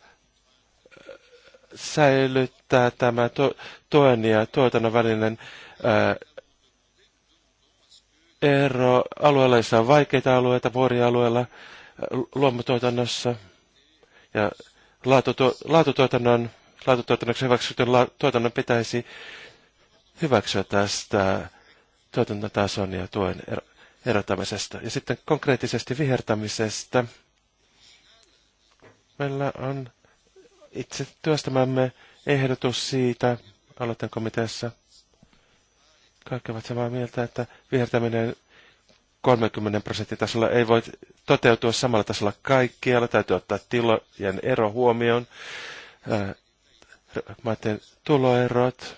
säilyttää tämä to, tuen ja tuotannon välinen ää, ero. Alueella on vaikeita alueita, vuorialueella, luomutuotannossa ja laatutu, laatutuotannon, laatutuotannoksi hyväksytyn la, tuotannon pitäisi hyväksyä tästä tuotantotason ja tuen ero erotamisesta. Ja sitten konkreettisesti vihertämisestä. Meillä on itse työstämämme ehdotus siitä aloitan komiteassa. Kaikki ovat samaa mieltä, että vihertäminen 30 prosentin tasolla ei voi toteutua samalla tasolla kaikkialla. Täytyy ottaa tilojen ero huomioon, teen tuloerot.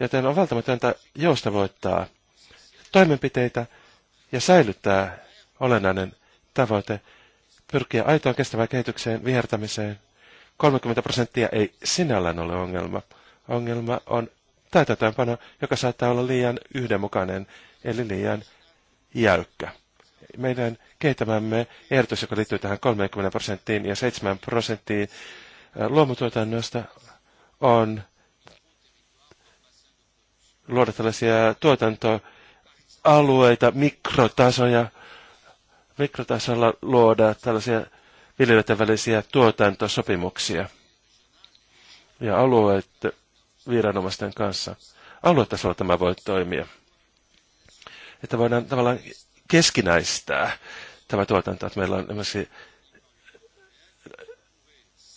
Joten on välttämätöntä joustavoittaa toimenpiteitä ja säilyttää olennainen tavoite pyrkiä aitoon kestävään kehitykseen, vihertämiseen. 30 prosenttia ei sinällään ole ongelma. Ongelma on täytäntöönpano, joka saattaa olla liian yhdenmukainen, eli liian jäykkä. Meidän kehittämämme ehdotus, joka liittyy tähän 30 prosenttiin ja 7 prosenttiin luomutuotannosta, on luoda tällaisia tuotanto- alueita, mikrotasoja, mikrotasolla luoda tällaisia viljelijöiden välisiä tuotantosopimuksia ja alueet viranomaisten kanssa. Aluetasolla tämä voi toimia. Että voidaan tavallaan keskinäistää tämä tuotanto, että meillä on esimerkiksi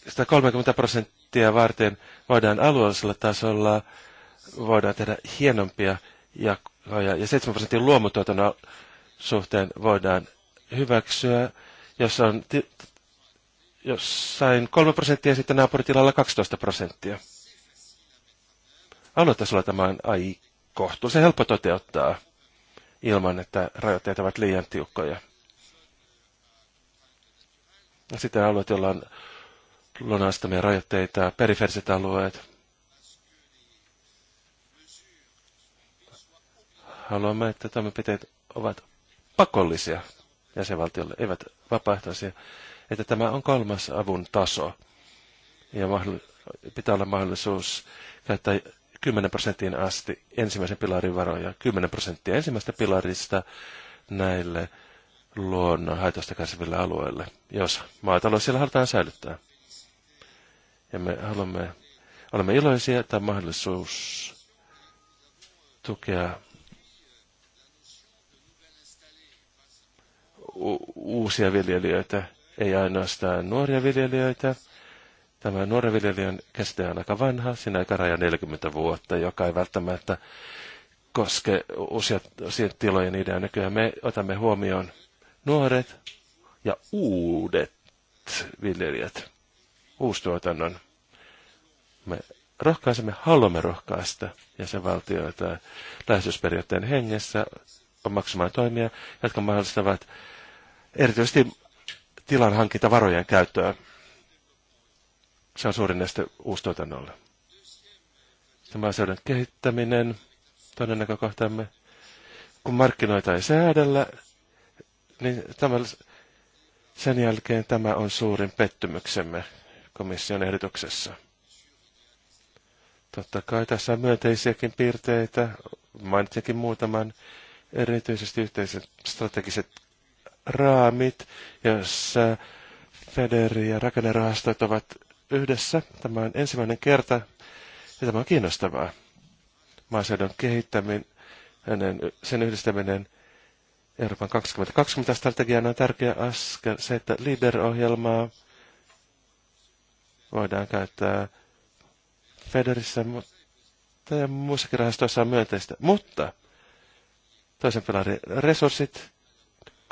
130 prosenttia varten voidaan alueellisella tasolla voidaan tehdä hienompia ja ja 7 prosentin luomutuotannon suhteen voidaan hyväksyä, jos on jossain 3 prosenttia ja sitten naapuritilalla 12 prosenttia. Aluetasolla tämä on ai kohtuullisen helppo toteuttaa ilman, että rajoitteet ovat liian tiukkoja. Sitten alueet, joilla on lunastamia rajoitteita, periferiset alueet, Haluamme, että toimenpiteet ovat pakollisia jäsenvaltiolle, eivät vapaaehtoisia. Että tämä on kolmas avun taso. Ja pitää olla mahdollisuus käyttää 10 prosenttiin asti ensimmäisen pilarin varoja. 10 prosenttia ensimmäistä pilarista näille luonnon haitoista kärsiville alueille, jos maatalous siellä halutaan säilyttää. Ja me haluamme, olemme iloisia, että on mahdollisuus tukea uusia viljelijöitä, ei ainoastaan nuoria viljelijöitä. Tämä nuoren viljelijän käsite on aika vanha, siinä raja 40 vuotta, joka ei välttämättä koske uusia, tiloja niiden nykyään. Me otamme huomioon nuoret ja uudet viljelijät, uustuotannon. Me rohkaisemme, haluamme rohkaista jäsenvaltioita läheisyysperiaatteen hengessä omaksumaan toimia, jotka mahdollistavat erityisesti tilan hankinta, varojen käyttöä. Se on suurin este uustuotannolle. Tämä asioiden kehittäminen, toinen näkökohtamme. Kun markkinoita ei säädellä, niin tämän, sen jälkeen tämä on suurin pettymyksemme komission ehdotuksessa. Totta kai tässä on myönteisiäkin piirteitä, mainitsinkin muutaman, erityisesti yhteiset strategiset raamit, jossa Federi ja rakennerahastot ovat yhdessä. Tämä on ensimmäinen kerta ja tämä on kiinnostavaa. Maaseudun kehittäminen, sen yhdistäminen Euroopan 2020 strategiana on tärkeä askel. Se, että LEADER-ohjelmaa voidaan käyttää Federissä, mutta ja muissakin rahastoissa on myönteistä. Mutta toisen pilarin resurssit,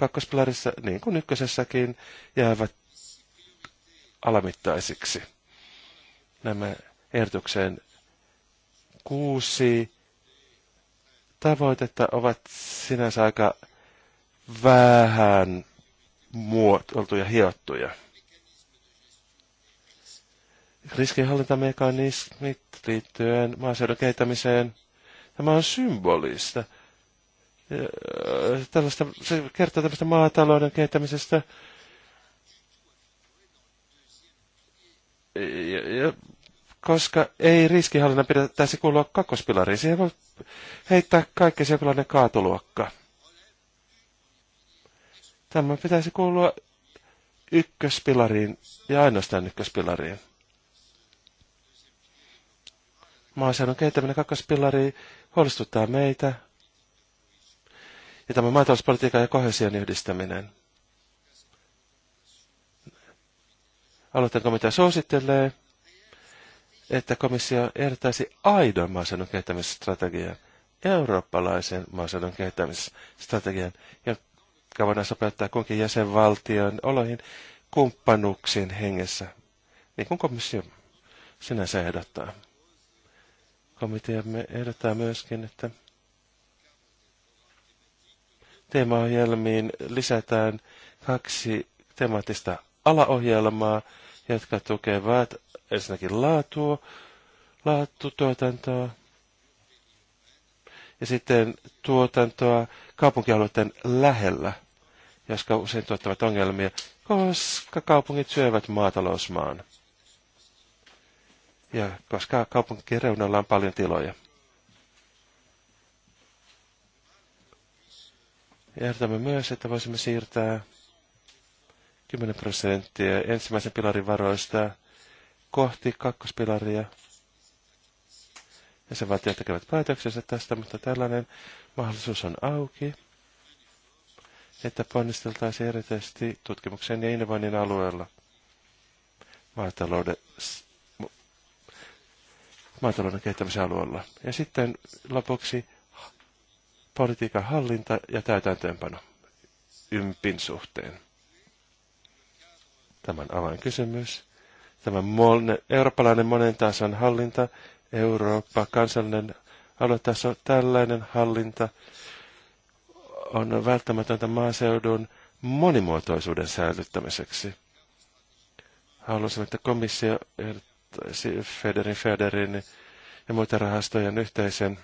kakkospilarissa, niin kuin ykkösessäkin, jäävät alamittaisiksi. Nämä ehdotukseen kuusi tavoitetta ovat sinänsä aika vähän muotoiltuja, hiottuja. Riskinhallintamekanismit liittyen maaseudun kehittämiseen, tämä on symbolista. Tällaista, se kertoo tällaista maatalouden kehittämisestä. Ja, ja, koska ei riskihallinnan pitäisi kuulua kakkospilariin, siihen voi heittää kaikki jonkinlainen kaatoluokka. Tämä pitäisi kuulua ykköspilariin ja ainoastaan ykköspilariin. Maaseudun kehittäminen kakkospilariin huolestuttaa meitä, ja tämä maatalouspolitiikan ja kohesion yhdistäminen. Aloitteen komitea suosittelee, että komissio ehdottaisi aidon maaseudun kehittämisstrategian, eurooppalaisen maaseudun kehittämisstrategian, joka voidaan sopeuttaa kunkin jäsenvaltion oloihin kumppanuuksien hengessä, niin kuin komissio sinänsä ehdottaa. Komiteamme ehdottaa myöskin, että teemaohjelmiin lisätään kaksi temaattista alaohjelmaa, jotka tukevat ensinnäkin laatua, laatutuotantoa ja sitten tuotantoa kaupunkialueiden lähellä, jotka usein tuottavat ongelmia, koska kaupungit syövät maatalousmaan ja koska kaupunkien reunoilla on paljon tiloja. Ehdotamme myös, että voisimme siirtää 10 prosenttia ensimmäisen pilarin varoista kohti kakkospilaria. Jäsenvaltiot tekevät päätöksensä tästä, mutta tällainen mahdollisuus on auki, että ponnisteltaisiin erityisesti tutkimuksen ja innovoinnin alueella maatalouden, maatalouden kehittämisen alueella. Ja sitten lopuksi politiikan hallinta ja täytäntöönpano ympin suhteen. Tämän kysymys Tämä monen, eurooppalainen monen tason hallinta, Eurooppa, kansallinen aluetaso, tällainen hallinta on välttämätöntä maaseudun monimuotoisuuden säilyttämiseksi. Haluaisin, että komissio Federin, Federin ja muiden rahastojen yhteisen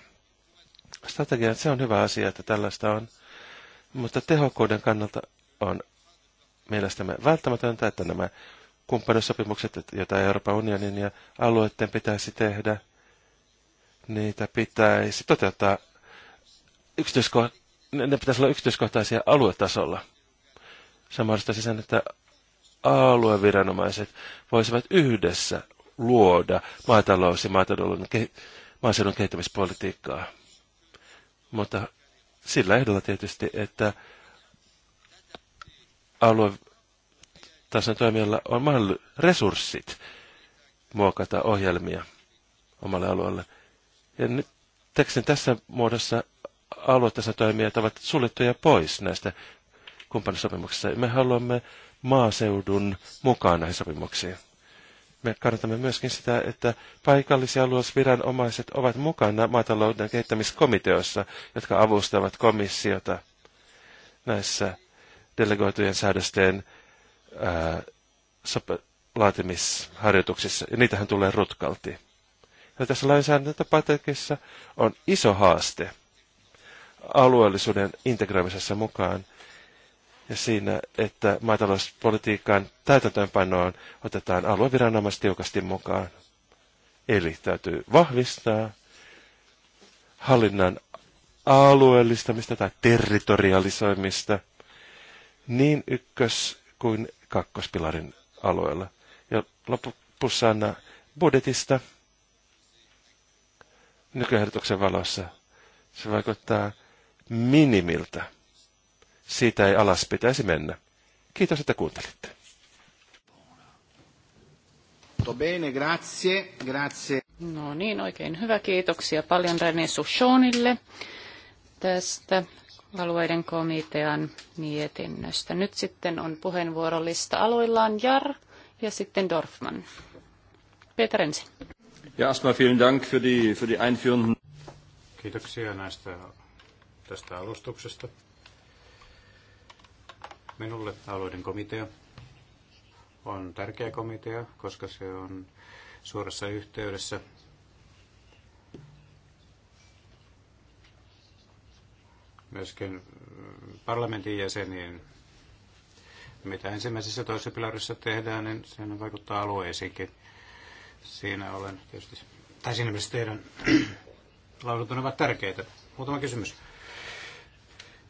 strategia, Se on hyvä asia, että tällaista on, mutta tehokkuuden kannalta on mielestämme välttämätöntä, että nämä kumppanussopimukset, joita Euroopan unionin ja alueiden pitäisi tehdä, niitä pitäisi toteuttaa yksityiskohtaisia, ne pitäisi olla yksityiskohtaisia aluetasolla. Se mahdollistaisi sen, että alueviranomaiset voisivat yhdessä luoda maatalous- ja maaseudun kehittämispolitiikkaa. Mutta sillä ehdolla tietysti, että aluetason toimijalla on mahdollisuus resurssit muokata ohjelmia omalle alueelle. Ja nyt tekstin tässä muodossa aluetason toimijat ovat suljettuja pois näistä kumppanisopimuksista. Me haluamme maaseudun mukaan näihin sopimuksiin. Me kannatamme myöskin sitä, että paikallisia luosviranomaiset ovat mukana maatalouden kehittämiskomiteoissa, jotka avustavat komissiota näissä delegoitujen säädösten ää, laatimisharjoituksissa, ja niitähän tulee rutkalti. Ja tässä lainsäädäntöpatekissa on iso haaste alueellisuuden integroimisessa mukaan ja siinä, että maatalouspolitiikan täytäntöönpanoon otetaan alueviranomaiset tiukasti mukaan. Eli täytyy vahvistaa hallinnan alueellistamista tai territorialisoimista niin ykkös- kuin kakkospilarin alueella. Ja lopussa Anna budjetista nykyehdotuksen valossa se vaikuttaa minimiltä siitä ei alas pitäisi mennä. Kiitos, että kuuntelitte. Bene, grazie, grazie. No niin, oikein hyvä. Kiitoksia paljon René Sushonille tästä alueiden komitean mietinnöstä. Nyt sitten on puheenvuorolista aloillaan Jar ja sitten Dorfman. Peter ensin. Ja erstmal vielen Dank für die, für die Einführung. Kiitoksia näistä tästä alustuksesta. Minulle alueiden komitea on tärkeä komitea, koska se on suorassa yhteydessä myöskin mm, parlamentin jäseniin. Mitä ensimmäisessä toisessa pilarissa tehdään, niin se vaikuttaa alueisiinkin. Siinä olen tietysti, tai siinä mielessä teidän lausuntonne ovat tärkeitä. Muutama kysymys.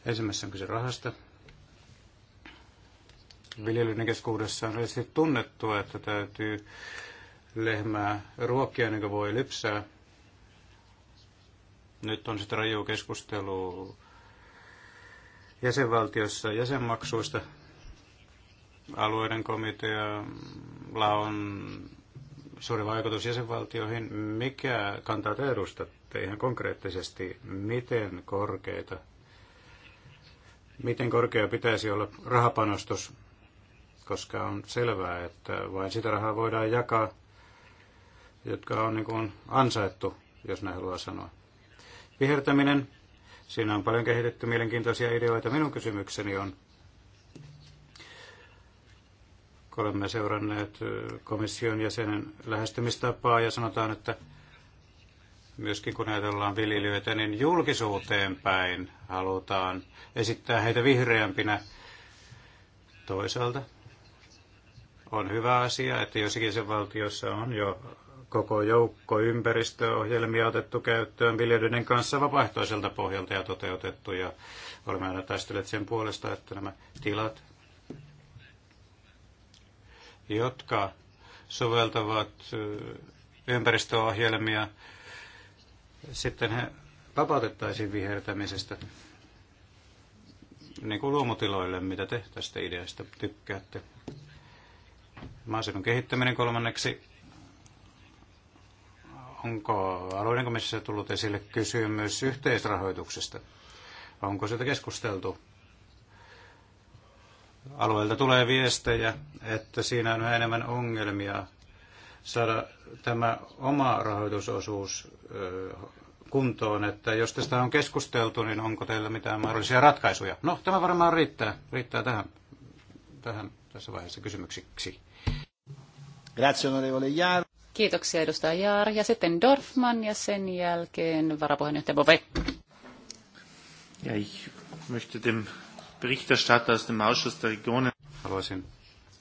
Ensimmäisessä on kyse rahasta viljelyiden keskuudessa on yleisesti tunnettua, että täytyy lehmää ruokkia ennen kuin voi lypsää. Nyt on sitten raju keskustelu jäsenvaltiossa jäsenmaksuista. Alueiden komitealla on suuri vaikutus jäsenvaltioihin. Mikä kantaa te edustatte ihan konkreettisesti? Miten korkeita, miten korkea pitäisi olla rahapanostus koska on selvää, että vain sitä rahaa voidaan jakaa, jotka on niin kuin ansaittu, jos näin haluaa sanoa. Vihertäminen, siinä on paljon kehitetty mielenkiintoisia ideoita. Minun kysymykseni on, kun olemme seuranneet komission jäsenen lähestymistapaa ja sanotaan, että myöskin kun ajatellaan viljelijöitä, niin julkisuuteen päin halutaan esittää heitä vihreämpinä toisaalta. On hyvä asia, että jossakin sen valtiossa on jo koko joukko ympäristöohjelmia otettu käyttöön viljelyiden kanssa vapaaehtoiselta pohjalta ja toteutettu. Ja olemme aina taistelleet sen puolesta, että nämä tilat, jotka soveltavat ympäristöohjelmia, sitten he vapautettaisiin vihertämisestä niin kuin luomutiloille, mitä te tästä ideasta tykkäätte. Maaseudun kehittäminen kolmanneksi. Onko alueiden komissiossa tullut esille kysymys yhteisrahoituksesta? Onko sitä keskusteltu? Alueelta tulee viestejä, että siinä on enemmän ongelmia saada tämä oma rahoitusosuus kuntoon, että jos tästä on keskusteltu, niin onko teillä mitään mahdollisia ratkaisuja? No, tämä varmaan riittää, riittää tähän, tähän tässä vaiheessa kysymyksiksi. Grazie, onorevole Jaar. Kiitoksia, edustaja Jaar. Ja sitten Dorfman ja sen jälkeen varapuheenjohtaja Bove. Ja ich möchte dem Berichterstatter aus dem Ausschuss der Regionen. Haluaisin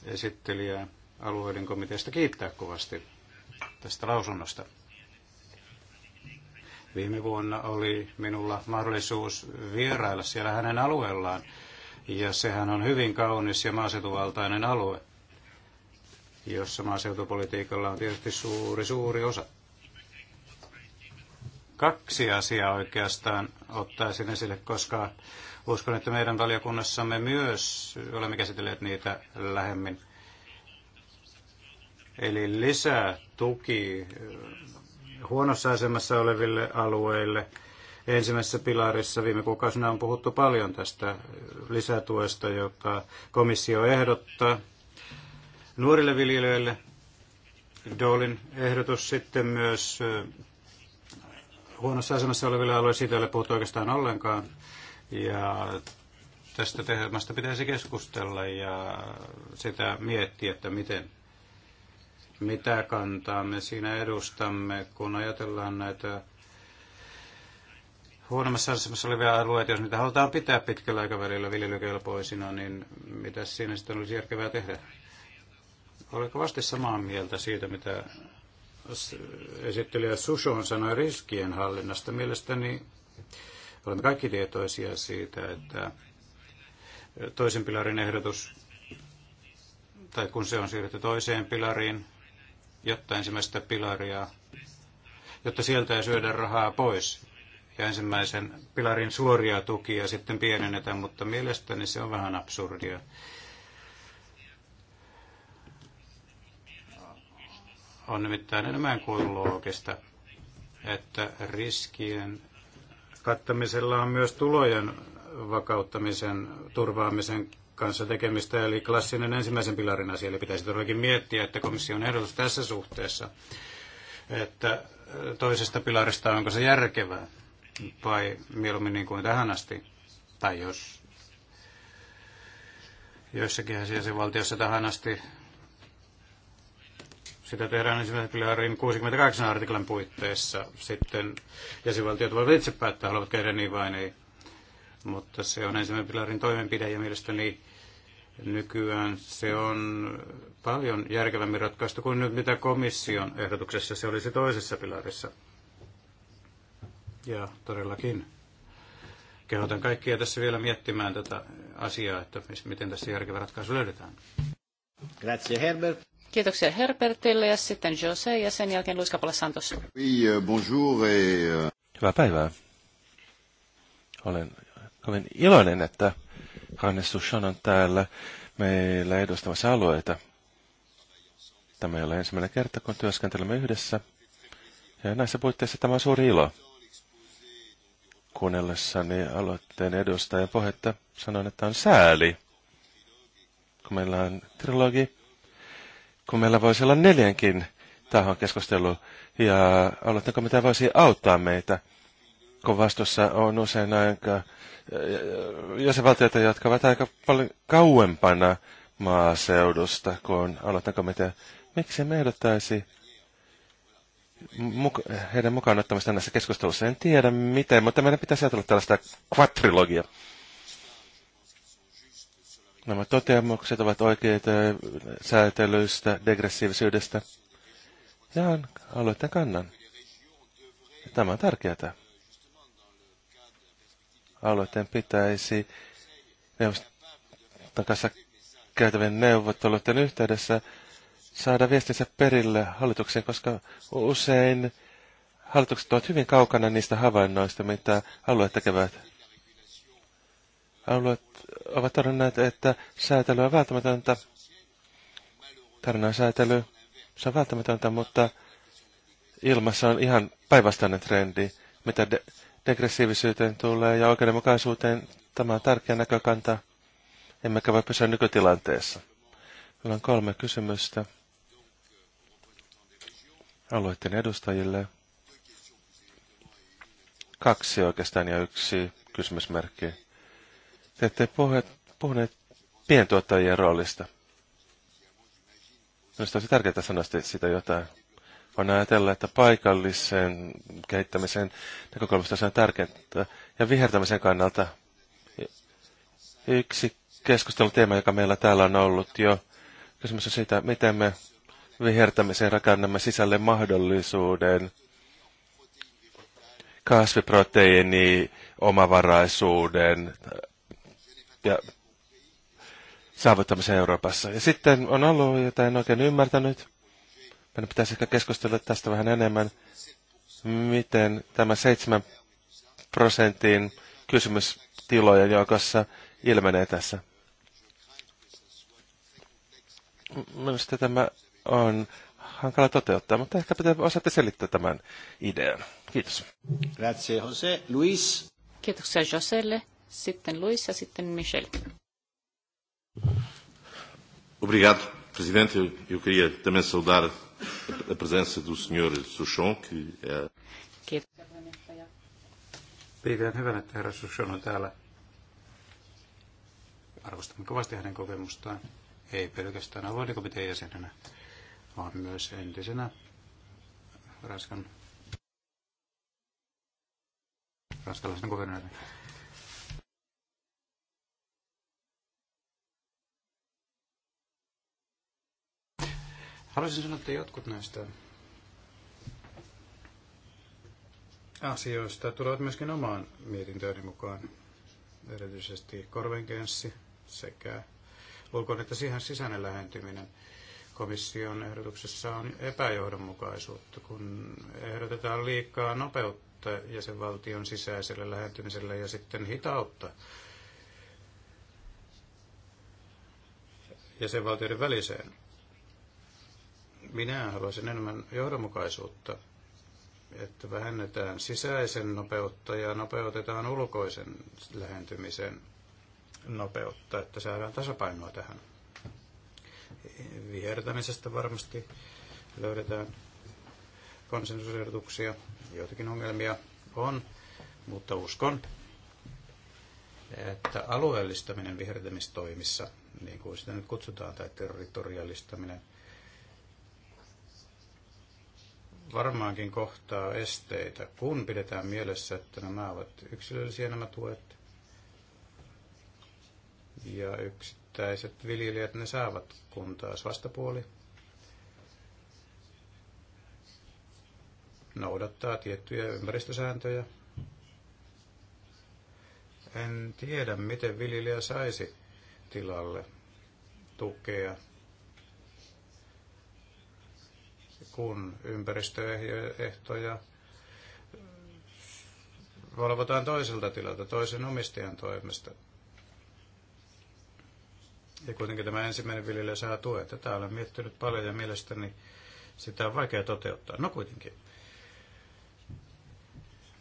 esittelijää alueiden komiteasta kiittää kovasti tästä lausunnosta. Viime vuonna oli minulla mahdollisuus vierailla siellä hänen alueellaan, ja sehän on hyvin kaunis ja maaseutuvaltainen alue jossa maaseutupolitiikalla on tietysti suuri, suuri osa. Kaksi asiaa oikeastaan ottaisin esille, koska uskon, että meidän valiokunnassamme myös olemme käsitelleet niitä lähemmin. Eli lisää tuki huonossa asemassa oleville alueille. Ensimmäisessä pilarissa viime kuukausina on puhuttu paljon tästä lisätuesta, jota komissio ehdottaa nuorille viljelijöille. Dolin ehdotus sitten myös huonossa asemassa oleville alueille, siitä ei ole puhuttu oikeastaan ollenkaan. Ja tästä tehtävästä pitäisi keskustella ja sitä miettiä, että miten, mitä kantaa me siinä edustamme, kun ajatellaan näitä huonommassa asemassa olevia alueita, jos niitä halutaan pitää pitkällä aikavälillä viljelykelpoisina, niin mitä siinä sitten olisi järkevää tehdä? Oliko vasta samaa mieltä siitä, mitä esittelijä Sushon sanoi riskien hallinnasta. Mielestäni olemme kaikki tietoisia siitä, että toisen pilarin ehdotus, tai kun se on siirretty toiseen pilariin, jotta ensimmäistä pilaria, jotta sieltä ei syödä rahaa pois, ja ensimmäisen pilarin suoria tukia sitten pienennetään, mutta mielestäni se on vähän absurdia. On nimittäin enemmän kuin loogista, että riskien kattamisella on myös tulojen vakauttamisen, turvaamisen kanssa tekemistä, eli klassinen ensimmäisen pilarin asia. Eli pitäisi todellakin miettiä, että komission ehdotus tässä suhteessa, että toisesta pilarista onko se järkevää vai mieluummin niin kuin tähän asti, tai jos joissakin valtiossa tähän asti sitä tehdään ensimmäisen pilarin 68 artiklan puitteissa. Sitten jäsenvaltiot voivat itse päättää, haluavat käydä niin vain ei. Mutta se on ensimmäisen pilarin toimenpide ja mielestäni nykyään se on paljon järkevämmin ratkaistu kuin nyt mitä komission ehdotuksessa se olisi toisessa pilarissa. Ja todellakin kehotan kaikkia tässä vielä miettimään tätä asiaa, että miten tässä järkevä ratkaisu löydetään. Grazie Herbert. Kiitoksia Herbertille ja sitten Jose ja sen jälkeen Luis Capola Santos. Oui, euh, bonjour et... Euh, Hyvää päivää. Olen kovin iloinen, että Hannes Sushan on täällä meillä edustamassa alueita. Tämä ei ole ensimmäinen kerta, kun työskentelemme yhdessä. Ja näissä puitteissa tämä on suuri ilo. Kuunnellessani aloitteen edustajan puhetta sanon, että on sääli. Kun meillä on trilogi, kun meillä voisi olla neljänkin tahon keskustelu, ja aloitteko mitä voisi auttaa meitä, kun vastuussa on usein aika eh, jäsenvaltioita, jotka ovat aika paljon kauempana maaseudusta, kun aloitteko mitä. Miksi me ehdottaisi muka, heidän mukaan ottamista näissä keskustelussa. En tiedä miten, mutta meidän pitäisi ajatella tällaista kvatrilogiaa. Nämä toteamukset ovat oikeita säätelyistä, degressiivisyydestä. Jaan aloitteen kannan. Tämä on tärkeää. Aloitteen pitäisi neuvoston kanssa käytävien neuvotteluiden yhteydessä saada viestinsä perille hallitukseen, koska usein hallitukset ovat hyvin kaukana niistä havainnoista, mitä alueet tekevät alueet ovat todenneet, että säätely on välttämätöntä. Tarinan säätely, se on välttämätöntä, mutta ilmassa on ihan päinvastainen trendi, mitä de- degressiivisyyteen tulee ja oikeudenmukaisuuteen. Tämä on tärkeä näkökanta, emmekä voi pysyä nykytilanteessa. Meillä on kolme kysymystä alueiden edustajille. Kaksi oikeastaan ja yksi kysymysmerkki te ette puhuneet, puhuneet pientuottajien roolista. Minusta olisi tärkeää sanoa sitä jotain. Voin ajatella, että paikallisen kehittämisen näkökulmasta se on tärkeää. Ja vihertämisen kannalta yksi keskusteluteema, joka meillä täällä on ollut jo, kysymys on siitä, miten me vihertämiseen rakennamme sisälle mahdollisuuden kasviproteiini omavaraisuuden ja saavuttamisen Euroopassa. Ja sitten on ollut, jota en oikein ymmärtänyt. Meidän pitäisi ehkä keskustella tästä vähän enemmän, miten tämä 7 prosentin kysymys tilojen joukossa ilmenee tässä. Minusta tämä on hankala toteuttaa, mutta ehkä pitää osata selittää tämän idean. Kiitos. Grazie Jose. Luis. Kiitoksia Joselle sitten Luis ja sitten Michel. Obrigado, Presidente. Eu, eu queria também saudar a presença do Sr. Souchon, que é... Kiitoksia Pidän hyvänä, että herra Souchon on täällä. Arvostamme kovasti hänen kokemustaan. Ei pelkästään avoinnikomitean jäsenenä, vaan myös entisenä Ranskan ranskalaisen kuvernöörin Haluaisin sanoa, että jotkut näistä asioista tulevat myöskin omaan mietintööni mukaan, erityisesti korvenkenssi sekä ulkoinen että siihen sisäinen lähentyminen. Komission ehdotuksessa on epäjohdonmukaisuutta, kun ehdotetaan liikaa nopeutta jäsenvaltion sisäiselle lähentymiselle ja sitten hitautta jäsenvaltioiden väliseen minä haluaisin enemmän johdonmukaisuutta, että vähennetään sisäisen nopeutta ja nopeutetaan ulkoisen lähentymisen nopeutta, että saadaan tasapainoa tähän. Vihertämisestä varmasti löydetään konsensusehdotuksia. Joitakin ongelmia on, mutta uskon, että alueellistaminen vihertämistoimissa, niin kuin sitä nyt kutsutaan, tai territorialistaminen, varmaankin kohtaa esteitä, kun pidetään mielessä, että nämä ovat yksilöllisiä nämä tuet ja yksittäiset viljelijät ne saavat, kun taas vastapuoli noudattaa tiettyjä ympäristösääntöjä. En tiedä, miten viljelijä saisi tilalle tukea kun ympäristöehtoja valvotaan toiselta tilalta, toisen omistajan toimesta. Ja kuitenkin tämä ensimmäinen viljelijä saa tuen. Tätä olen miettinyt paljon ja mielestäni sitä on vaikea toteuttaa. No kuitenkin.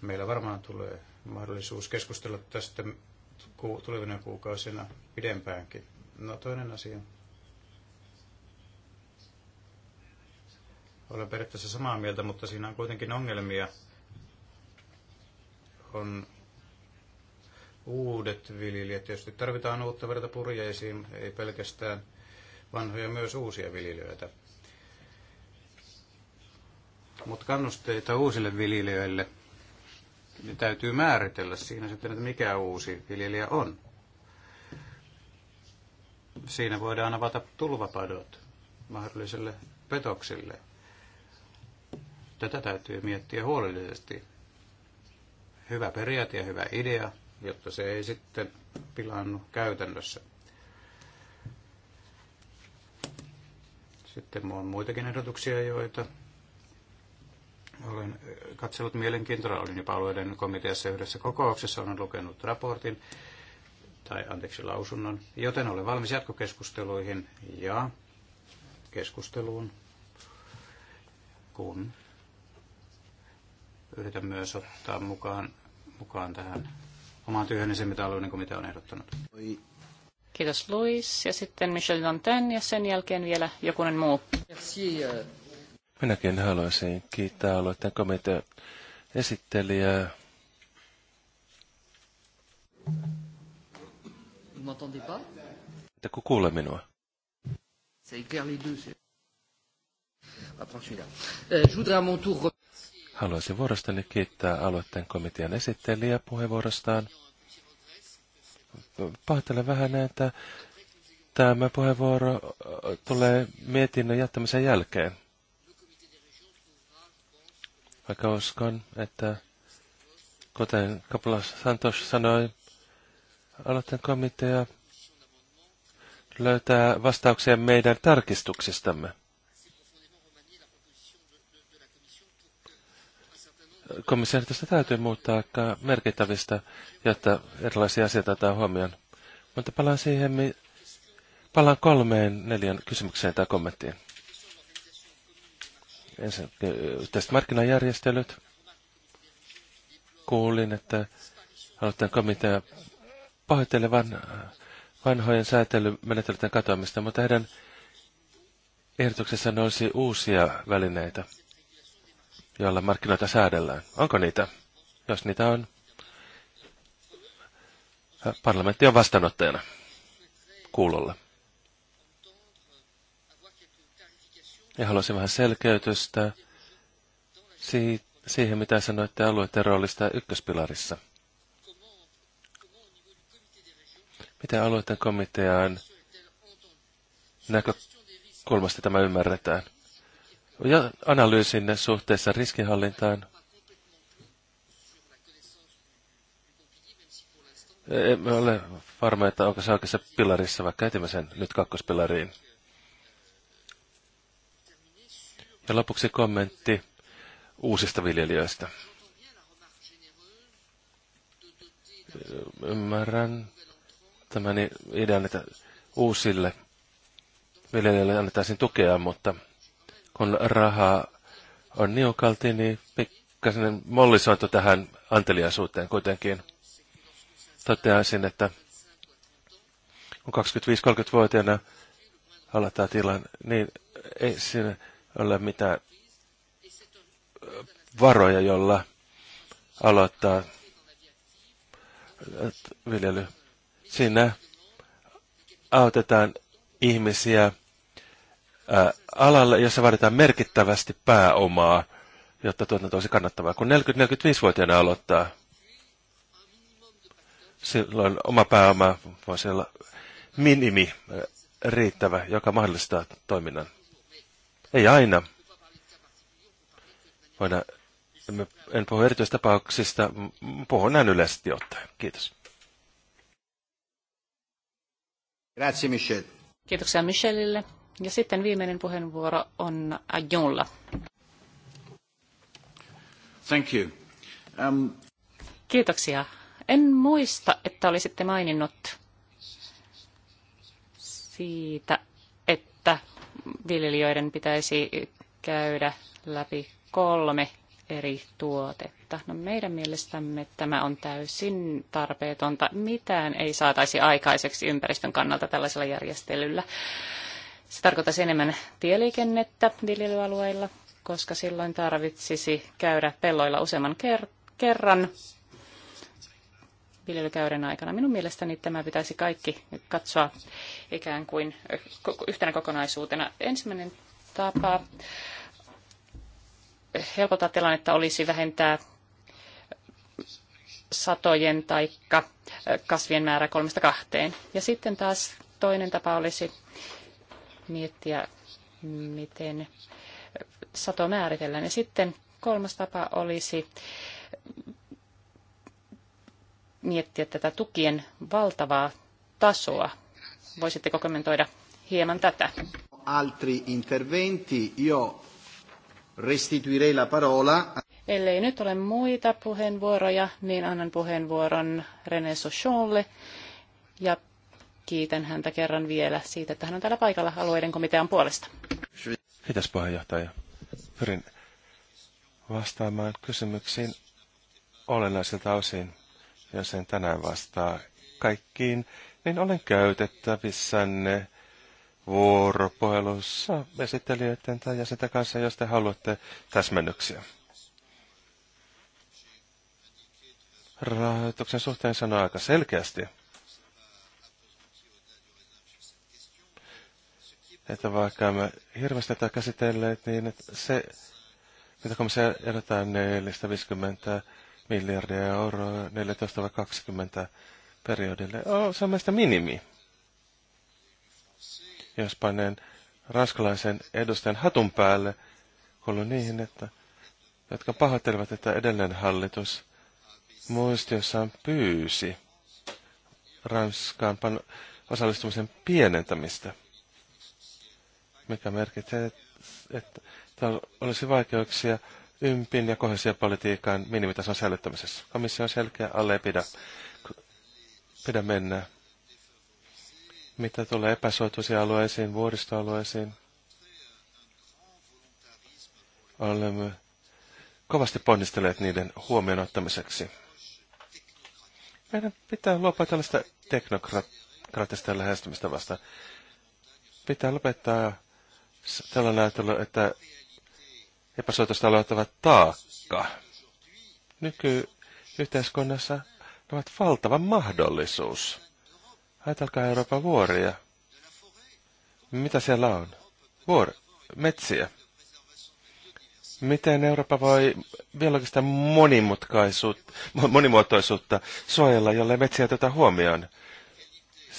Meillä varmaan tulee mahdollisuus keskustella tästä tulevina kuukausina pidempäänkin. No toinen asia. Olen periaatteessa samaa mieltä, mutta siinä on kuitenkin ongelmia. On uudet viljelijät. Tietysti tarvitaan uutta verta purjeisiin, ei pelkästään vanhoja, myös uusia viljelijöitä. Mutta kannusteita uusille viljelijöille ne täytyy määritellä siinä sitten, että mikä uusi viljelijä on. Siinä voidaan avata tulvapadot mahdolliselle petoksille – Tätä täytyy miettiä huolellisesti. Hyvä periaate ja hyvä idea, jotta se ei sitten pilannu käytännössä. Sitten on muitakin ehdotuksia, joita olen katsellut mielenkiintoa. Olin jopa alueiden komiteassa yhdessä kokouksessa, olen lukenut raportin tai anteeksi lausunnon, joten olen valmis jatkokeskusteluihin ja keskusteluun, kun yritän myös ottaa mukaan, mukaan tähän omaan työhön se, mitä niin komitea on ehdottanut. Kiitos Luis ja sitten Michel Dantin ja sen jälkeen vielä jokunen muu. Äh. Minäkin haluaisin kiittää aloitteen komitea esittelijää. kun kuule minua? Se ei kerli deux. C'est... Apprends euh, je voudrais à mon tour... Haluaisin vuorostani kiittää aloitteen komitean esittelijä puheenvuorostaan. Pahoittelen vähän, että tämä puheenvuoro tulee mietinnön jättämisen jälkeen. Vaikka uskon, että kuten Kapula Santos sanoi, aloitteen komitea löytää vastauksia meidän tarkistuksistamme. komission täytyy muuttaa aika merkittävistä, jotta erilaisia asioita otetaan huomioon. Mutta palaan siihen, palaan kolmeen neljän kysymykseen tai kommenttiin. Ensin eh, tästä markkinajärjestelyt. Kuulin, että aloitteen komitea pahoittelee van, vanhojen säätelymenetelmien katoamista, mutta heidän ehdotuksessaan olisi uusia välineitä – joilla markkinoita säädellään. Onko niitä? Jos niitä on, parlamentti on vastaanottajana kuulolla. Ja haluaisin vähän selkeytystä siihen, mitä sanoitte alueiden roolista ykköspilarissa. Miten alueiden komitean näkökulmasta tämä ymmärretään? ja analyysinne suhteessa riskinhallintaan. Emme ole varma, että onko se oikeassa pilarissa, vaikka etimme sen nyt kakkospilariin. Ja lopuksi kommentti uusista viljelijöistä. Ymmärrän tämän idean, että uusille viljelijöille annettaisiin tukea, mutta – kun rahaa on niukalti, niin pikkasen mollisointu tähän anteliaisuuteen kuitenkin. Toteaisin, että kun 25-30-vuotiaana aletaan tilan, niin ei siinä ole mitään varoja, jolla aloittaa viljely. Siinä autetaan ihmisiä alalle, jossa vaaditaan merkittävästi pääomaa, jotta tuotanto olisi kannattavaa. Kun 40-45-vuotiaana aloittaa, silloin oma pääoma voisi olla minimi riittävä, joka mahdollistaa toiminnan. Ei aina. Voidaan, en puhu erityistapauksista, puhun näin yleisesti ottaen. Kiitos. Grazie Michel. Kiitoksia Michelille. Ja sitten viimeinen puheenvuoro on Ajonla. Thank you. Um... Kiitoksia. En muista, että olisitte maininnut siitä, että viljelijöiden pitäisi käydä läpi kolme eri tuotetta. No meidän mielestämme tämä on täysin tarpeetonta. Mitään ei saataisi aikaiseksi ympäristön kannalta tällaisella järjestelyllä. Se tarkoittaisi enemmän tieliikennettä viljelyalueilla, koska silloin tarvitsisi käydä pelloilla useamman ker- kerran viljelykäyden aikana. Minun mielestäni tämä pitäisi kaikki katsoa ikään kuin yhtenä kokonaisuutena. Ensimmäinen tapa helpottaa tilannetta olisi vähentää satojen tai kasvien määrä kolmesta kahteen. Ja sitten taas toinen tapa olisi miettiä, miten sato määritellään. Ja sitten kolmas tapa olisi miettiä tätä tukien valtavaa tasoa. Voisitteko kommentoida hieman tätä? Altri interventi, io restituirei la parola. Ellei nyt ole muita puheenvuoroja, niin annan puheenvuoron René Sochonlle ja kiitän häntä kerran vielä siitä, että hän on täällä paikalla alueiden komitean puolesta. Kiitos puheenjohtaja. Pyrin vastaamaan kysymyksiin olennaisilta osin, jos en tänään vastaa kaikkiin, niin olen käytettävissänne vuoropuhelussa esittelijöiden tai jäsenten kanssa, jos te haluatte täsmennyksiä. Rahoituksen suhteen sanoa aika selkeästi, että vaikka me hirveästi tätä käsitelleet, niin että se, mitä kun se erotaan 450 miljardia euroa 14-20 periodille, on oh, se on meistä minimi. Jos panen ranskalaisen edustajan hatun päälle, kuuluu niihin, että jotka pahoittelevat, että edellinen hallitus muistiossaan pyysi Ranskaan osallistumisen pienentämistä – mikä merkitsee, että olisi vaikeuksia ympin ja kohesiopolitiikan minimitason säilyttämisessä. Komissio on selkeä, alle ei pidä, pidä mennä. Mitä tulee epäsuotuisiin alueisiin, vuoristoalueisiin, olemme kovasti ponnistelleet niiden huomioon ottamiseksi. Meidän pitää luopua tällaista teknokraattista lähestymistä vastaan. Pitää lopettaa Tällä näytöllä, että epäsuotuista alueet taakka. Nykyyhteiskunnassa ne ovat valtava mahdollisuus. Ajatelkaa Euroopan vuoria. Mitä siellä on? Vuor, metsiä. Miten Eurooppa voi biologista monimutkaisuutta, monimuotoisuutta suojella, jolle metsiä tätä huomioon?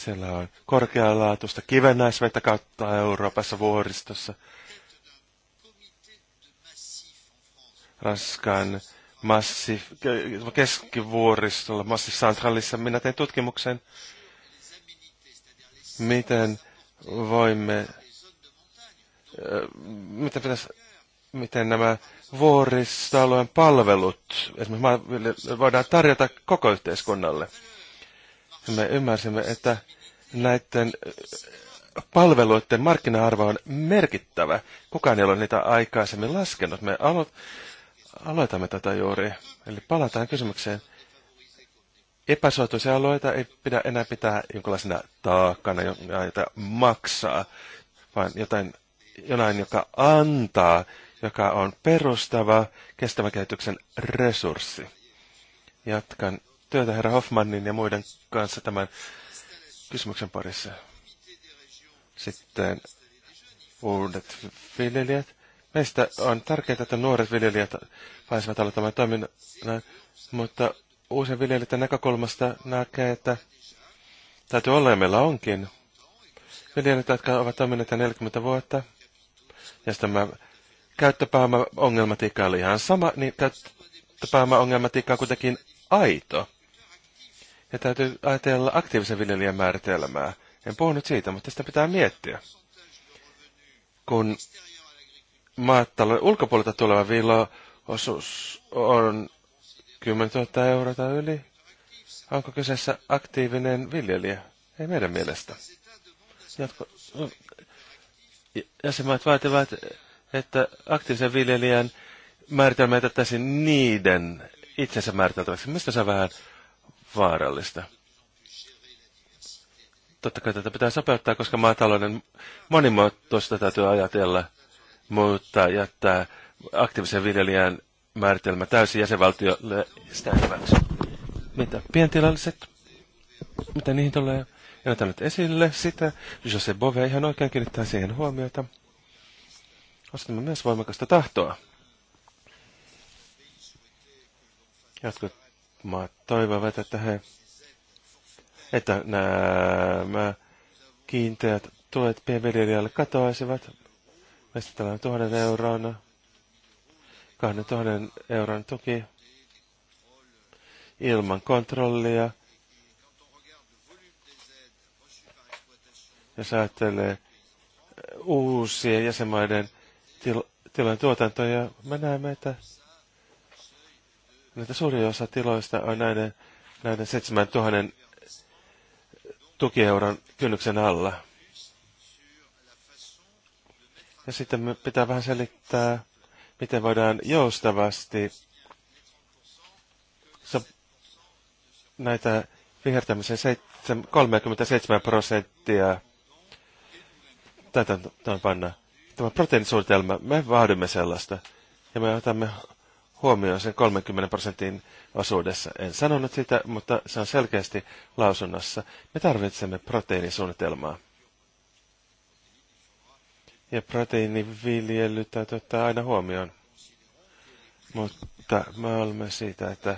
Siellä on korkealaatuista kivennäisvettä kautta Euroopassa vuoristossa. Ranskan massi, keskivuoristolla, Massif Centralissa. Minä tein tutkimuksen, miten voimme, miten, pitäisi, miten nämä vuoristoalueen palvelut esimerkiksi voidaan tarjota koko yhteiskunnalle me ymmärsimme, että näiden äh, palveluiden markkina-arvo on merkittävä. Kukaan ei ole niitä aikaisemmin laskenut. Me alo- aloitamme tätä juuri. Eli palataan kysymykseen. Epäsuotuisia alueita ei pidä enää pitää jonkinlaisena taakkana, jota maksaa, vaan jotain, jonain, joka antaa, joka on perustava kestävän kehityksen resurssi. Jatkan työtä herra Hoffmannin ja muiden kanssa tämän kysymyksen parissa. Sitten uudet viljelijät. Meistä on tärkeää, että nuoret viljelijät pääsevät aloittamaan toiminnan, mutta uusien viljelijöiden näkökulmasta näkee, että täytyy olla ja meillä onkin viljelijät, jotka ovat toimineet 40 vuotta. Ja sitten tämä käyttöpääomaongelmatiikka oli ihan sama, niin käyttöpääomaongelmatiikka on kuitenkin aito. Ja täytyy ajatella aktiivisen viljelijän määritelmää. En puhunut siitä, mutta sitä pitää miettiä. Kun maatalouden ulkopuolelta tuleva viilo-osuus on 10 000 euroa tai yli, onko kyseessä aktiivinen viljelijä? Ei meidän mielestä. Jatko, jäsenmaat vaativat, että aktiivisen viljelijän määritelmä jätettäisiin niiden itsensä määriteltäväksi. Mistä sä vähän vaarallista. Totta kai tätä pitää sopeuttaa, koska maatalouden monimuotoista täytyy ajatella, mutta jättää aktiivisen viljelijän määritelmä täysin jäsenvaltiolle sitä hyväksi. Mitä pientilalliset, mitä niihin tulee, en nyt esille sitä. Jose Bove ihan oikein kiinnittää siihen huomiota. Ostamme myös voimakasta tahtoa. Jotkut maat toivovat, että he että nämä kiinteät tuet pienviljelijälle katoaisivat. Meistä tällainen tuhannen euron, kahden tuhannen euron tuki ilman kontrollia. Jos ajattelee uusien jäsenmaiden til- tilan tuotantoja, me näemme, että näitä suuri osa tiloista on näiden, näiden 7000 tukieuron kynnyksen alla. Ja sitten me pitää vähän selittää, miten voidaan joustavasti näitä vihertämisen 37 prosenttia täytäntöön panna. Tämä proteiinisuunnitelma, me vaadimme sellaista. Ja me otamme huomioon sen 30 prosentin osuudessa. En sanonut sitä, mutta se on selkeästi lausunnossa. Me tarvitsemme proteiinisuunnitelmaa. Ja proteiiniviljely täytyy ottaa aina huomioon. Mutta me olemme siitä, että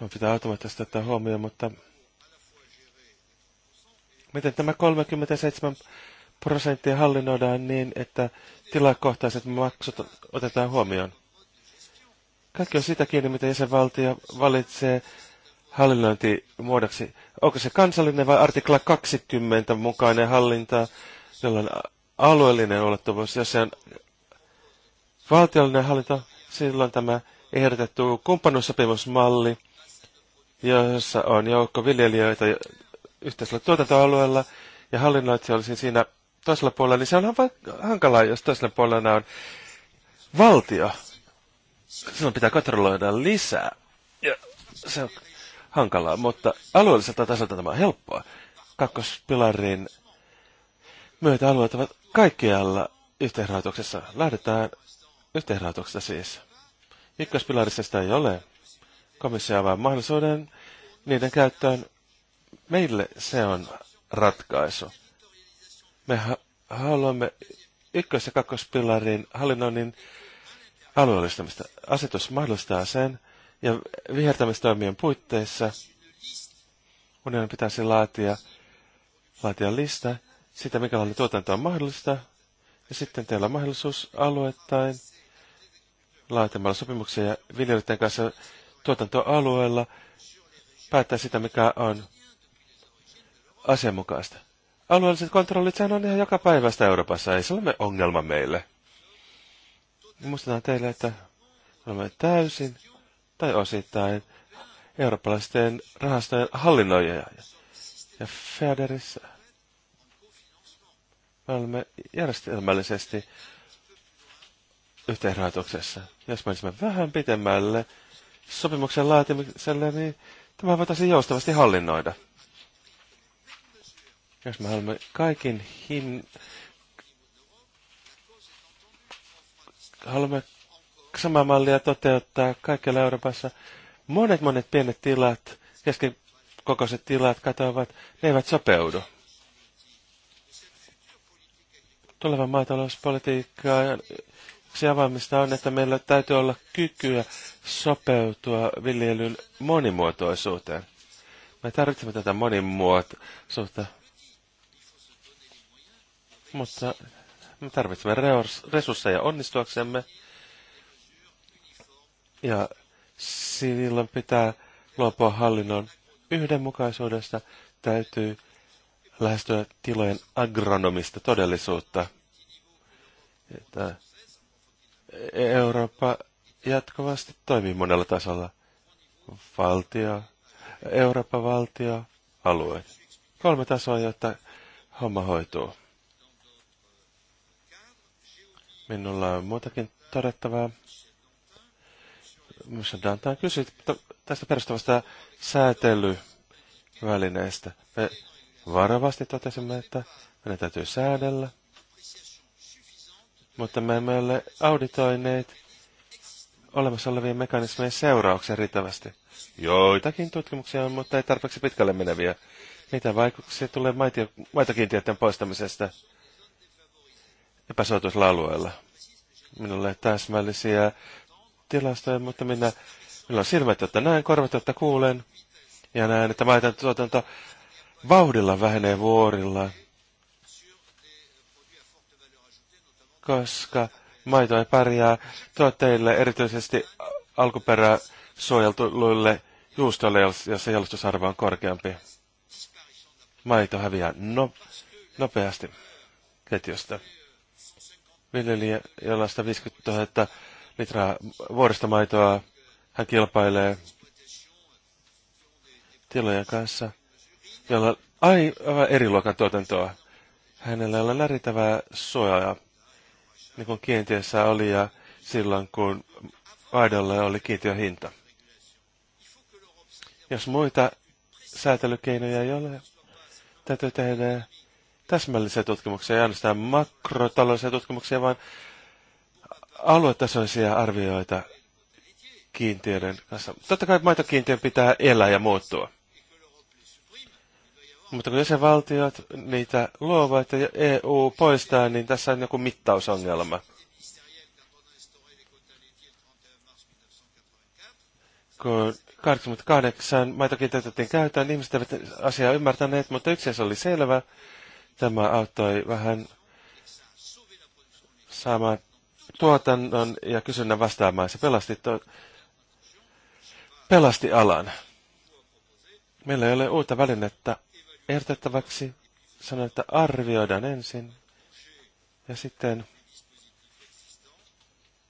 on pitää automaattisesti ottaa huomioon, mutta miten tämä 37 prosenttia hallinnoidaan niin, että tilakohtaiset maksut otetaan huomioon. Kaikki on sitä kiinni, mitä jäsenvaltio valitsee hallinnointimuodoksi. Onko se kansallinen vai artikla 20 mukainen hallinta, jolla on alueellinen ulottuvuus. Jos se on valtiollinen hallinto, silloin tämä ehdotettu kumppanuussopimusmalli, jossa on joukko viljelijöitä yhteisellä tuotantoalueella, ja hallinnoitsija olisi siinä toisella puolella, niin se on hankalaa, jos toisella puolella on valtio. Silloin pitää kontrolloida lisää. Ja se on hankalaa, mutta alueelliselta tasolta tämä on helppoa. Kakkospilarin myötä alueet ovat kaikkialla yhteenrahoituksessa. Lähdetään yhteenrahoituksesta siis. Ykköspilarissa sitä ei ole. Komissio avaa mahdollisuuden niiden käyttöön. Meille se on ratkaisu. Me haluamme ykkös- ja kakkospilarin hallinnoinnin alueellistamista. Asetus mahdollistaa sen, ja vihertämistoimien puitteissa unionin pitäisi laatia, laatia lista sitä, minkälainen tuotanto on mahdollista, ja sitten teillä on mahdollisuus alueittain laatimalla sopimuksia viljelijöiden kanssa tuotantoalueella päättää sitä, mikä on asianmukaista. Alueelliset kontrollit, sehän on ihan joka päivästä Euroopassa, ei se ole ongelma meille. Muistetaan teille, että olemme täysin tai osittain eurooppalaisten rahastojen hallinnoijia. Ja Federissa me olemme järjestelmällisesti yhteenrahoituksessa. Jos menisimme vähän pitemmälle sopimuksen laatimiselle, niin tämä voitaisiin joustavasti hallinnoida. Jos me haluamme kaikin hin... Haluamme samaa mallia toteuttaa kaikkialla Euroopassa. Monet monet pienet tilat, keskikokoiset tilat katoavat, ne eivät sopeudu. Tuleva maatalouspolitiikka yksi avaamista on, että meillä täytyy olla kykyä sopeutua viljelyn monimuotoisuuteen. Me tarvitsemme tätä monimuotoisuutta mutta me tarvitsemme resursseja onnistuaksemme. Ja silloin pitää luopua hallinnon yhdenmukaisuudesta. Täytyy lähestyä tilojen agronomista todellisuutta. Että Eurooppa jatkuvasti toimii monella tasolla. Valtio, Euroopan valtio, alueet. Kolme tasoa, jotta homma hoituu. Minulla on muutakin todettavaa. Missä Dantan kysyi tästä perustavasta säätelyvälineestä. Me varovasti totesimme, että meidän täytyy säädellä, mutta me emme ole auditoineet olemassa olevien mekanismien seurauksia riittävästi. Joitakin tutkimuksia on, mutta ei tarpeeksi pitkälle meneviä. Mitä vaikutuksia tulee maitokiintiöiden poistamisesta? epäsuotuisella alueella. Minulle täsmällisiä tilastoja, mutta minä, minulla on silmät, jotta näen, korvat, jotta kuulen. Ja näen, että maitan tuotanto vauhdilla vähenee vuorilla, koska maito ei pärjää tuotteille, erityisesti alkuperä suojeltuille juustoille, jossa jalostusarvo on korkeampi. Maito häviää no, nopeasti ketjusta viljelijä, jolla on 150 000 litraa vuoristomaitoa. Hän kilpailee tilojen kanssa, jolla on aivan eri luokan tuotantoa. Hänellä on läritävää suojaa, niin kuin kiintiössä oli ja silloin, kun aidolle oli hinta. Jos muita säätelykeinoja ei ole, täytyy tehdä täsmällisiä tutkimuksia, ei ainoastaan makrotaloudellisia tutkimuksia, vaan aluetasoisia arvioita kiintiöiden kanssa. Totta kai maitokiintiön pitää elää ja muuttua. Mutta kun jäsenvaltiot niitä luovat ja EU poistaa, niin tässä on joku mittausongelma. Kun 88 maitokiintiötettiin käyttöön, niin ihmiset eivät asiaa ymmärtäneet, mutta yksi asia oli selvä. Tämä auttoi vähän saamaan tuotannon ja kysynnän vastaamaan. Se pelasti, to, pelasti alan. Meillä ei ole uutta välinettä ehdotettavaksi. Sanoin, että arvioidaan ensin ja sitten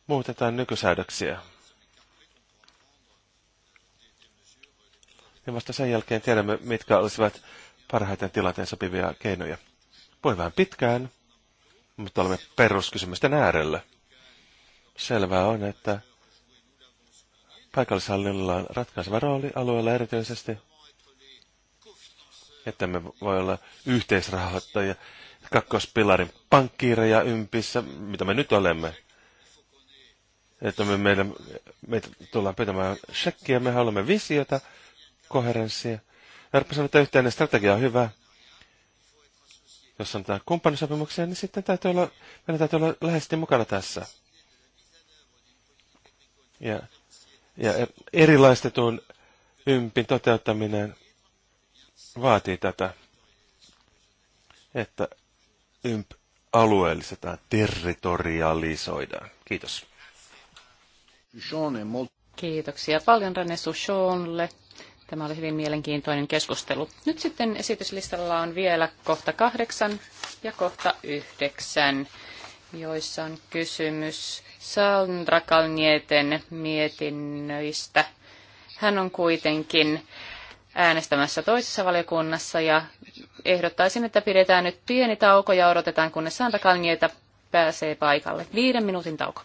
muutetaan nykysäädöksiä. Ja vasta sen jälkeen tiedämme, mitkä olisivat parhaiten tilanteen sopivia keinoja voi vähän pitkään, mutta olemme peruskysymysten äärellä. Selvää on, että paikallishallinnolla on ratkaiseva rooli alueella erityisesti, että me voi olla yhteisrahoittajia, kakkospilarin pankkiireja ympissä, mitä me nyt olemme. Että me, meidän, me tullaan pitämään shekkiä, me haluamme visiota, koherenssia. Jarppa sanoi, että yhteinen strategia on hyvä, jos sanotaan kumppanisopimuksia, niin sitten täytyy olla, meidän täytyy olla läheisesti mukana tässä. Ja, ja erilaistetun ympin toteuttaminen vaatii tätä, että ymp alueellistetaan, territorialisoidaan. Kiitos. Kiitoksia paljon René Sushonlle Tämä oli hyvin mielenkiintoinen keskustelu. Nyt sitten esityslistalla on vielä kohta kahdeksan ja kohta yhdeksän, joissa on kysymys Sandra Kalnieten mietinnöistä. Hän on kuitenkin äänestämässä toisessa valiokunnassa ja ehdottaisin, että pidetään nyt pieni tauko ja odotetaan, kunnes Sandra Kalnieta pääsee paikalle. Viiden minuutin tauko.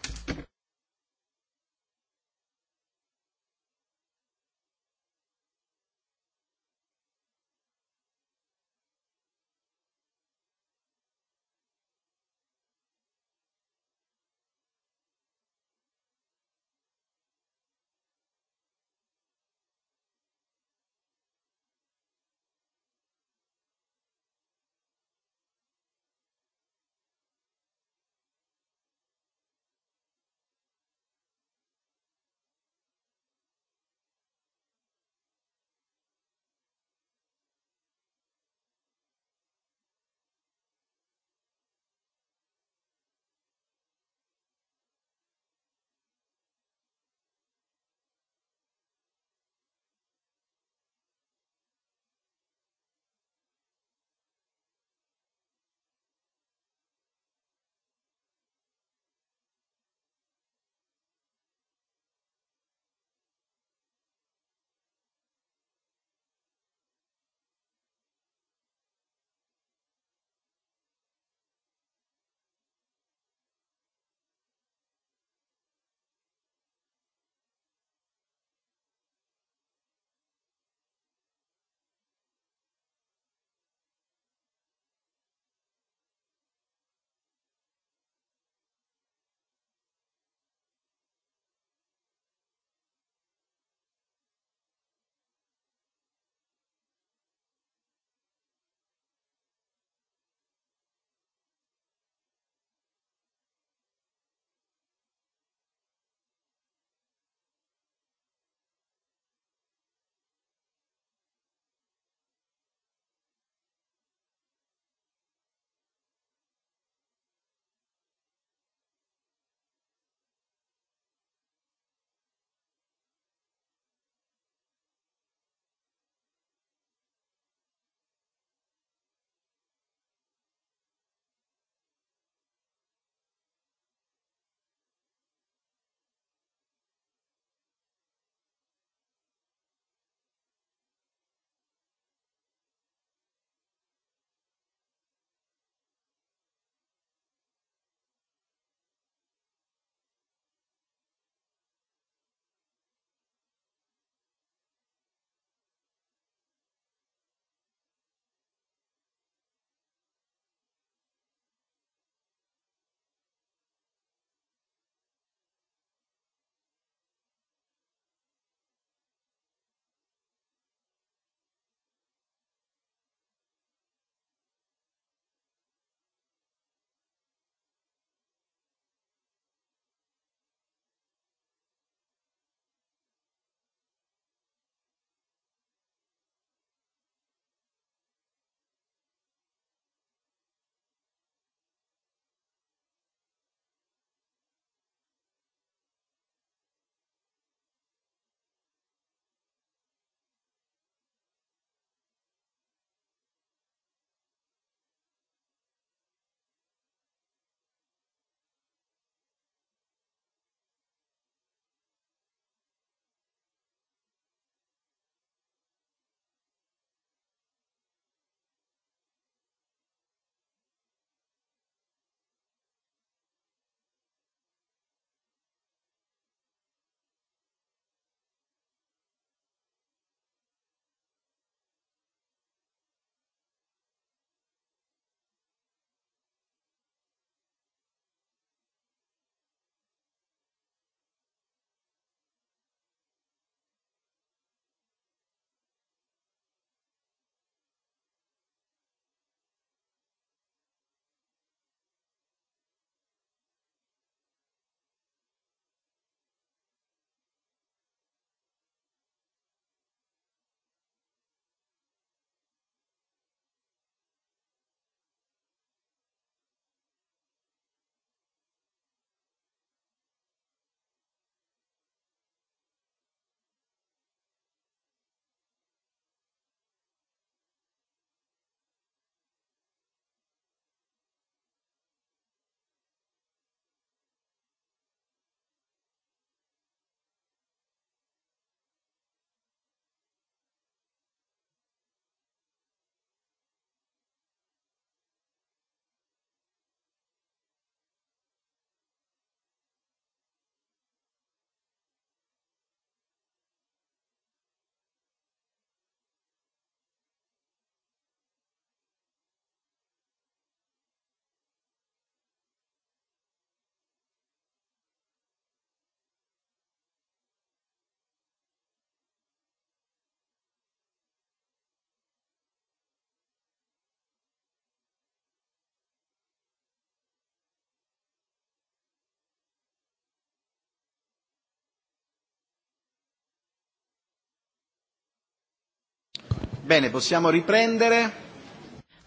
Bene, possiamo riprendere.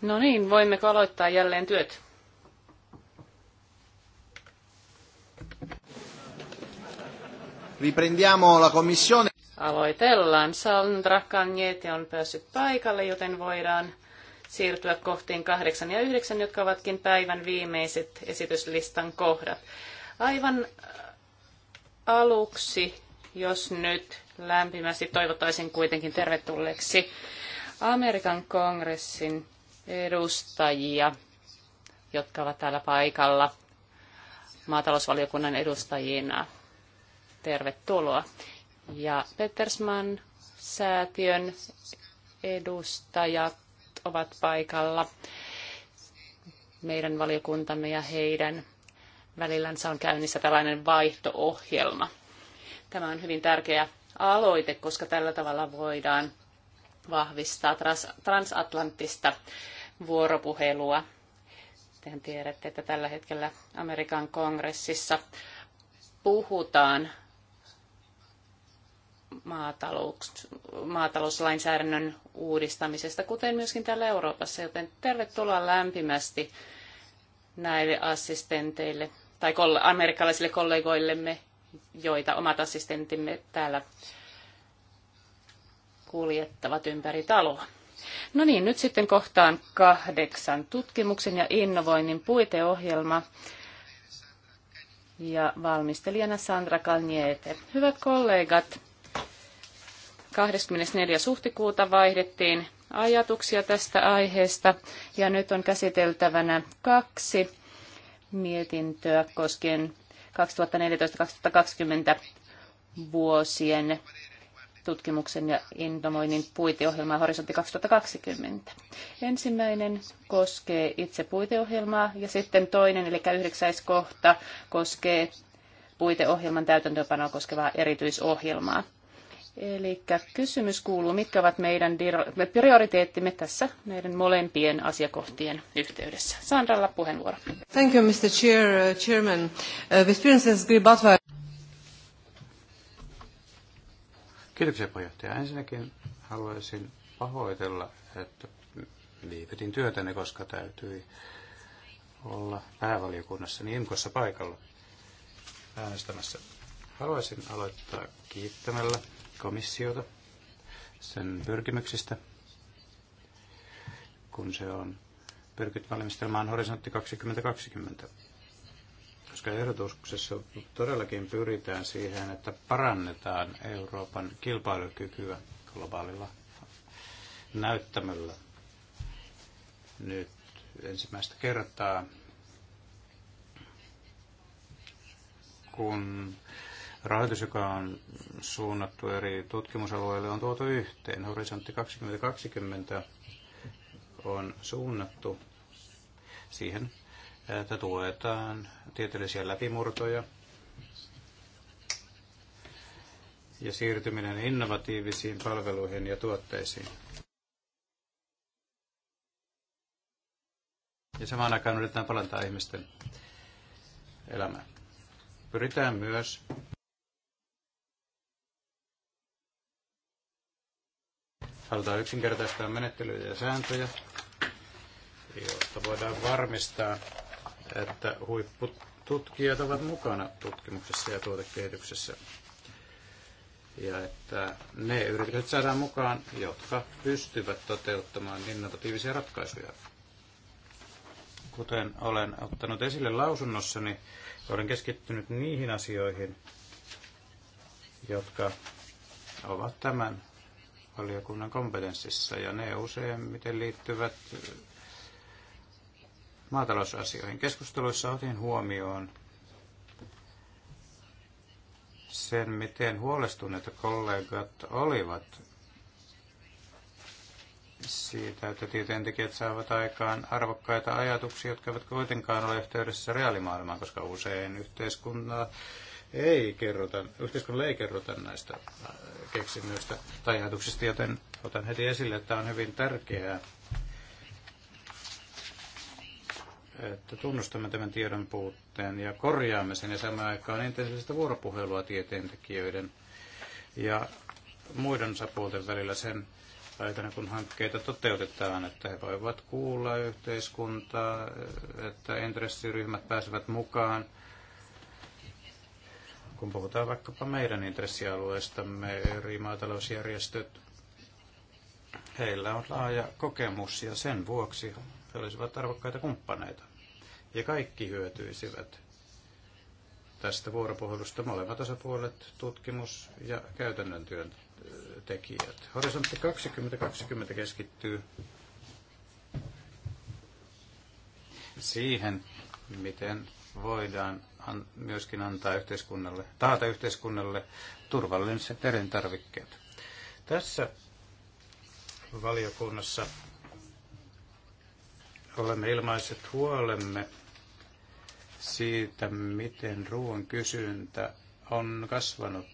No niin, voimmeko aloittaa jälleen työt? Riprendiamo la commissione. Aloitellaan. Sandra Kanjete on päässyt paikalle, joten voidaan siirtyä kohtiin kahdeksan ja yhdeksän, jotka ovatkin päivän viimeiset esityslistan kohdat. Aivan äh, aluksi, jos nyt lämpimästi toivottaisin kuitenkin tervetulleeksi Amerikan kongressin edustajia, jotka ovat täällä paikalla maatalousvaliokunnan edustajina. Tervetuloa. Ja Petersman säätiön edustajat ovat paikalla. Meidän valiokuntamme ja heidän välillänsä on käynnissä tällainen vaihtoohjelma. Tämä on hyvin tärkeä aloite, koska tällä tavalla voidaan vahvistaa trans- transatlanttista vuoropuhelua. Tehän tiedätte, että tällä hetkellä Amerikan kongressissa puhutaan maatalous, maatalouslainsäädännön uudistamisesta, kuten myöskin täällä Euroopassa. Joten tervetuloa lämpimästi näille assistenteille tai amerikkalaisille kollegoillemme, joita omat assistentimme täällä kuljettavat ympäri taloa. No niin, nyt sitten kohtaan kahdeksan. Tutkimuksen ja innovoinnin puiteohjelma ja valmistelijana Sandra Kalniete. Hyvät kollegat, 24. huhtikuuta vaihdettiin ajatuksia tästä aiheesta ja nyt on käsiteltävänä kaksi mietintöä koskien 2014-2020 vuosien tutkimuksen ja innovoinnin puiteohjelmaa Horisontti 2020. Ensimmäinen koskee itse puiteohjelmaa ja sitten toinen, eli yhdeksäis kohta, koskee puiteohjelman täytäntöönpanoa koskevaa erityisohjelmaa. Eli kysymys kuuluu, mitkä ovat meidän prioriteettimme tässä meidän molempien asiakohtien yhteydessä. Sandralla puheenvuoro. Thank you, Mr. Chair, uh, Chairman. Uh, Kiitoksia puheenjohtaja. Ensinnäkin haluaisin pahoitella, että viipetin työtäni, koska täytyi olla päävaliokunnassa niin Imkossa paikalla äänestämässä. Haluaisin aloittaa kiittämällä komissiota sen pyrkimyksistä, kun se on pyrkit valmistelemaan horisontti 2020 koska ehdotuksessa todellakin pyritään siihen, että parannetaan Euroopan kilpailukykyä globaalilla näyttämöllä. Nyt ensimmäistä kertaa, kun rahoitus, joka on suunnattu eri tutkimusalueille, on tuotu yhteen. Horisontti 2020 on suunnattu siihen että tuetaan tieteellisiä läpimurtoja ja siirtyminen innovatiivisiin palveluihin ja tuotteisiin. Ja samaan aikaan yritetään palantaa ihmisten elämää. Pyritään myös halutaan yksinkertaistaa menettelyjä ja sääntöjä, jotta voidaan varmistaa, että huippututkijat ovat mukana tutkimuksessa ja tuotekehityksessä. Ja että ne yritykset saadaan mukaan, jotka pystyvät toteuttamaan innovatiivisia ratkaisuja. Kuten olen ottanut esille lausunnossani, olen keskittynyt niihin asioihin, jotka ovat tämän valiokunnan kompetenssissa, ja ne useimmiten liittyvät maatalousasioihin. Keskusteluissa otin huomioon sen, miten huolestuneita kollegat olivat siitä, että tieteentekijät saavat aikaan arvokkaita ajatuksia, jotka eivät kuitenkaan ole yhteydessä reaalimaailmaan, koska usein yhteiskunta ei kerrota, yhteiskunnalle ei kerrota näistä keksinnöistä tai ajatuksista, joten otan heti esille, että on hyvin tärkeää että tunnustamme tämän tiedon puutteen ja korjaamme sen ja samaan aikaan intensiivistä vuoropuhelua tieteentekijöiden ja muiden osapuolten välillä sen aikana, kun hankkeita toteutetaan, että he voivat kuulla yhteiskuntaa, että intressiryhmät pääsevät mukaan. Kun puhutaan vaikkapa meidän intressialueestamme, eri maatalousjärjestöt, heillä on laaja kokemus ja sen vuoksi he olisivat arvokkaita kumppaneita. Ja kaikki hyötyisivät tästä vuoropuhelusta molemmat osapuolet, tutkimus ja käytännön työn tekijät. Horisontti 2020 keskittyy siihen, miten voidaan myöskin antaa yhteiskunnalle, taata yhteiskunnalle turvalliset elintarvikkeet. Tässä valiokunnassa olemme ilmaiset huolemme siitä, miten ruoan kysyntä on kasvanut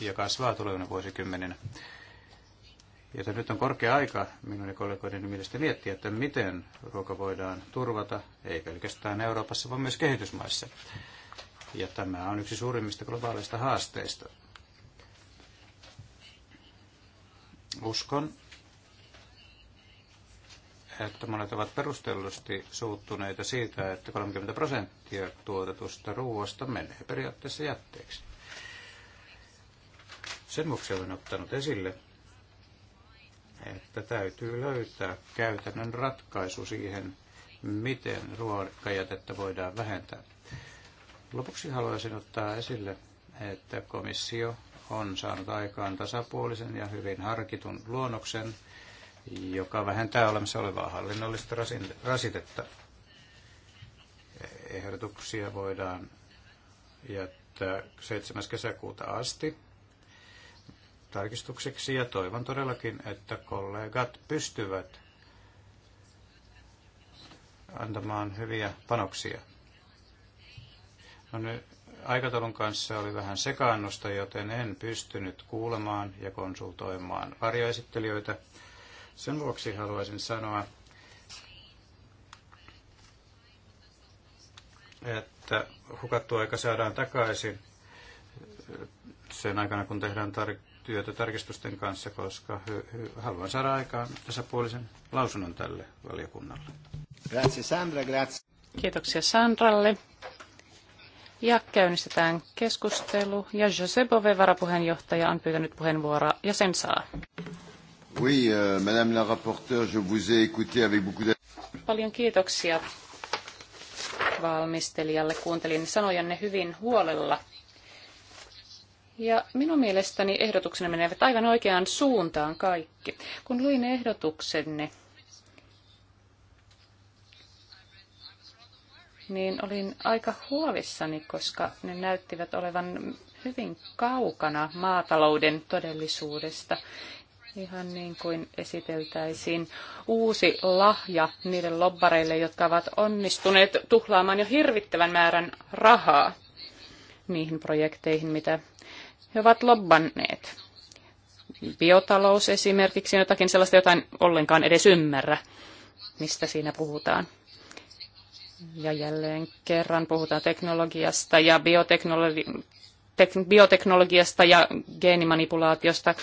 ja kasvaa tulevina vuosikymmeninä. Joten nyt on korkea aika minun ja kollegoiden mielestä miettiä, että miten ruoka voidaan turvata, ei pelkästään Euroopassa, vaan myös kehitysmaissa. Ja tämä on yksi suurimmista globaaleista haasteista. Uskon, että monet ovat perustellusti suuttuneita siitä, että 30 prosenttia tuotetusta ruoasta menee periaatteessa jätteeksi. Sen vuoksi olen ottanut esille, että täytyy löytää käytännön ratkaisu siihen, miten ruokajätettä voidaan vähentää. Lopuksi haluaisin ottaa esille, että komissio on saanut aikaan tasapuolisen ja hyvin harkitun luonnoksen, joka vähentää olemassa olevaa hallinnollista rasitetta. Ehdotuksia voidaan jättää 7. kesäkuuta asti tarkistukseksi ja toivon todellakin, että kollegat pystyvät antamaan hyviä panoksia. No nyt aikataulun kanssa oli vähän sekaannusta, joten en pystynyt kuulemaan ja konsultoimaan varjoesittelijöitä sen vuoksi haluaisin sanoa, että hukattu aika saadaan takaisin sen aikana, kun tehdään tar- työtä tarkistusten kanssa, koska haluan saada aikaan tasapuolisen lausunnon tälle valiokunnalle. Grazie Sandra, grazie. Kiitoksia Sandralle. Ja käynnistetään keskustelu. Ja Josebove, varapuheenjohtaja, on pyytänyt puheenvuoroa ja sen saa. Oui, euh, madame la rapporteure, je vous ai écouté avec beaucoup Paljon kiitoksia valmistelijalle. Kuuntelin sanojanne hyvin huolella. Ja minun mielestäni ehdotuksenne menevät aivan oikeaan suuntaan kaikki. Kun luin ehdotuksenne, niin olin aika huolissani, koska ne näyttivät olevan hyvin kaukana maatalouden todellisuudesta ihan niin kuin esiteltäisiin uusi lahja niille lobbareille, jotka ovat onnistuneet tuhlaamaan jo hirvittävän määrän rahaa niihin projekteihin, mitä he ovat lobbanneet. Biotalous esimerkiksi jotakin sellaista, jotain ollenkaan edes ymmärrä, mistä siinä puhutaan. Ja jälleen kerran puhutaan teknologiasta ja bioteknologi- tek- bioteknologiasta ja geenimanipulaatiosta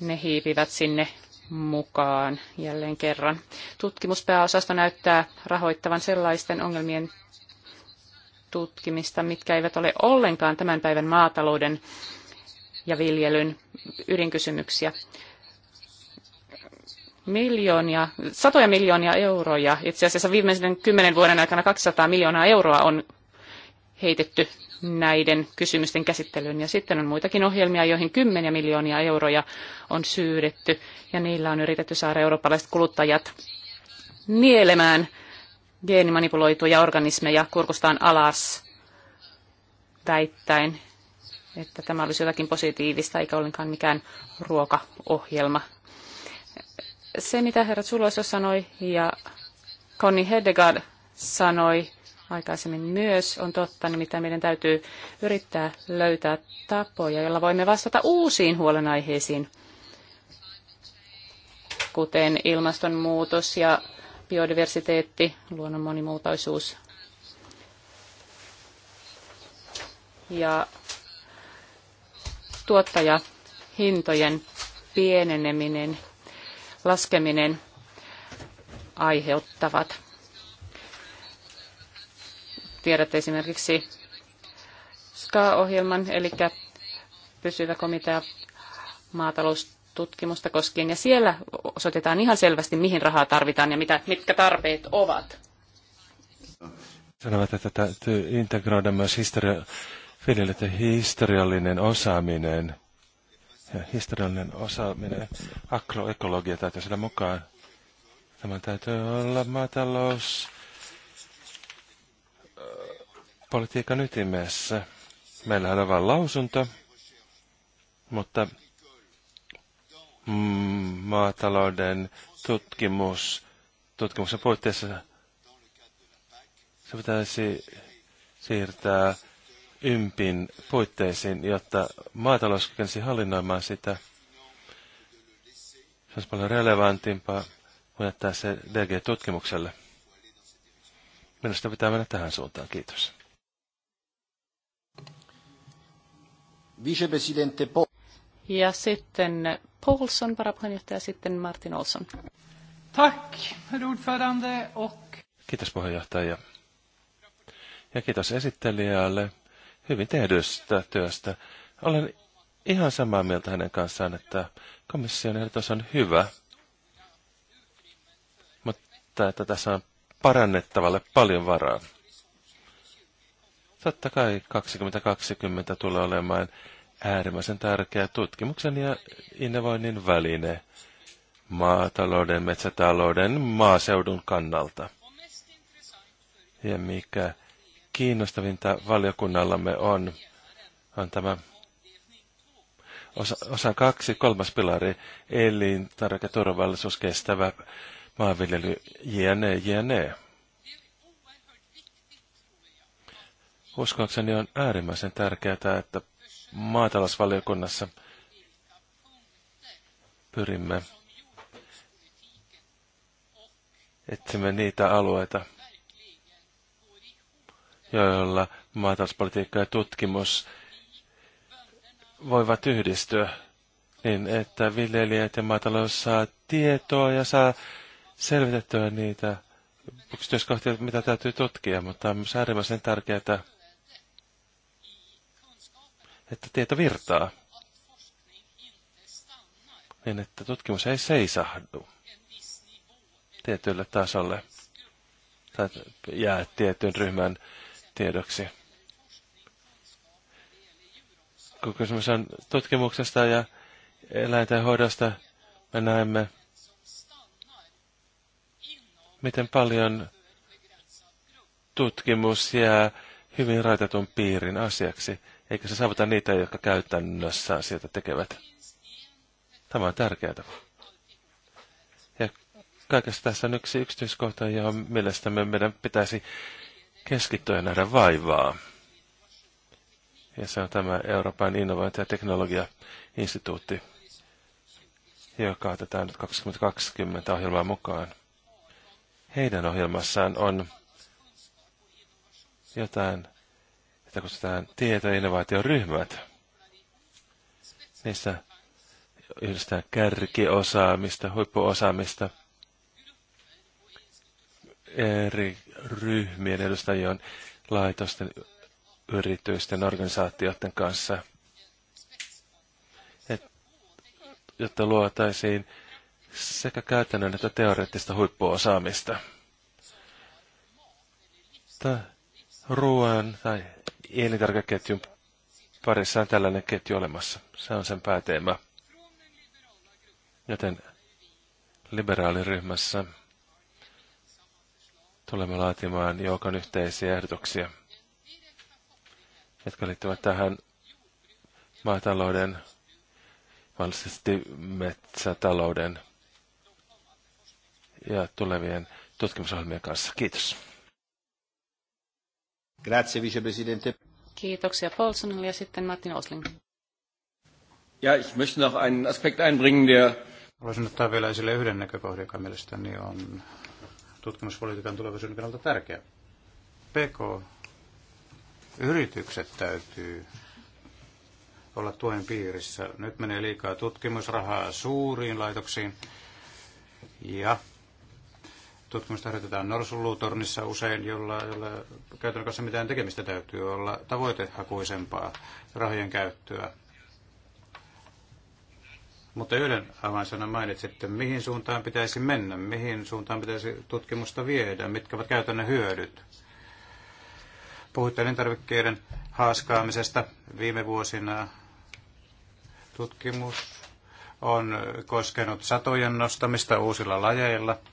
ne hiipivät sinne mukaan jälleen kerran. Tutkimuspääosasto näyttää rahoittavan sellaisten ongelmien tutkimista, mitkä eivät ole ollenkaan tämän päivän maatalouden ja viljelyn ydinkysymyksiä. Miljoonia, satoja miljoonia euroja, itse asiassa viimeisen kymmenen vuoden aikana 200 miljoonaa euroa on heitetty näiden kysymysten käsittelyyn. Ja sitten on muitakin ohjelmia, joihin kymmeniä miljoonia euroja on syydetty, ja niillä on yritetty saada eurooppalaiset kuluttajat nielemään geenimanipuloituja organismeja kurkustaan alas väittäen, että tämä olisi jotakin positiivista eikä ollenkaan mikään ruokaohjelma. Se, mitä herra Suloiso sanoi ja Connie Hedegaard sanoi, aikaisemmin myös on totta, nimittäin meidän täytyy yrittää löytää tapoja, joilla voimme vastata uusiin huolenaiheisiin, kuten ilmastonmuutos ja biodiversiteetti, luonnon monimuotoisuus ja tuottajahintojen pieneneminen, laskeminen aiheuttavat tiedätte esimerkiksi SKA-ohjelman, eli pysyvä komitea maataloustutkimusta koskien, ja siellä osoitetaan ihan selvästi, mihin rahaa tarvitaan ja mitä, mitkä tarpeet ovat. Sanovat, että täytyy integroida myös historia, viljelijöiden historiallinen osaaminen. Ja historiallinen osaaminen, agroekologia täytyy sillä mukaan. Tämä täytyy olla maatalous politiikan ytimessä. Meillä on vain lausunto, mutta mm, maatalouden tutkimus, tutkimuksen puitteissa se pitäisi siirtää ympin puitteisiin, jotta maatalous kykenisi hallinnoimaan sitä. Se olisi paljon relevantimpaa kuin jättää se DG-tutkimukselle. Minusta pitää mennä tähän suuntaan. Kiitos. Vicepresidente Paul. Ja sitten Paulson, varapuheenjohtaja, sitten Martin Olsson. Tack, herr ordförande och... Kiitos puheenjohtaja. Ja kiitos esittelijälle hyvin tehdystä työstä. Olen ihan samaa mieltä hänen kanssaan, että komission ehdotus on hyvä, mutta että tässä on parannettavalle paljon varaa. Totta kai 2020 tulee olemaan äärimmäisen tärkeä tutkimuksen ja innovoinnin väline maatalouden, metsätalouden, maaseudun kannalta. Ja mikä kiinnostavinta valiokunnallamme on, on tämä osa, osa kaksi, kolmas pilari, elintarviketurvallisuus, kestävä maanviljely, jne, jne. Uskoakseni on äärimmäisen tärkeää, että maatalousvaliokunnassa pyrimme etsimme niitä alueita, joilla maatalouspolitiikka ja tutkimus voivat yhdistyä niin, että viljelijät ja maatalous saa tietoa ja saa selvitettyä niitä yksityiskohtia, mitä täytyy tutkia, mutta on myös äärimmäisen tärkeää, että tieto virtaa, niin että tutkimus ei seisahdu tietylle tasolle tai jää tietyn ryhmän tiedoksi. Kun kysymys on tutkimuksesta ja eläinten hoidosta, me näemme, miten paljon tutkimus jää hyvin raitetun piirin asiaksi eikä se saavuta niitä, jotka käytännössä sieltä tekevät. Tämä on tärkeää. Ja kaikessa tässä on yksi yksityiskohta, johon mielestämme meidän pitäisi keskittyä ja nähdä vaivaa. Ja se on tämä Euroopan innovaatio- ja teknologiainstituutti, joka otetaan nyt 2020 ohjelmaan mukaan. Heidän ohjelmassaan on jotain että kutsutaan tieto- ja innovaatioryhmät. Niissä yhdistetään kärkiosaamista, huippuosaamista eri ryhmien edustajien, laitosten, yritysten, organisaatioiden kanssa, et, jotta luotaisiin sekä käytännön että teoreettista huippuosaamista. Ruoan tai elintarvikeketjun parissa on tällainen ketju olemassa. Se on sen pääteema. Joten liberaaliryhmässä tulemme laatimaan joukon yhteisiä ehdotuksia, jotka liittyvät tähän maatalouden, mahdollisesti metsätalouden ja tulevien tutkimusohjelmien kanssa. Kiitos. Grazie, vicepresidente. Kiitoksia Paulsonille ja sitten Martin Osling. Ja, ich möchte noch einen Aspekt einbringen, der... Haluaisin ottaa vielä esille yhden näkökohdan, joka mielestäni on tutkimuspolitiikan tulevaisuuden kannalta tärkeä. PK-yritykset täytyy olla tuen piirissä. Nyt menee liikaa tutkimusrahaa suuriin laitoksiin ja Tutkimusta harjoitetaan norsulluutornissa usein, jolla, jolla käytön kanssa mitään tekemistä täytyy olla tavoitehakuisempaa rahojen käyttöä. Mutta yhden avainsanan mainitsitte, mihin suuntaan pitäisi mennä, mihin suuntaan pitäisi tutkimusta viedä, mitkä ovat käytännön hyödyt. Puhuitte elintarvikkeiden haaskaamisesta viime vuosina. Tutkimus on koskenut satojen nostamista uusilla lajeilla –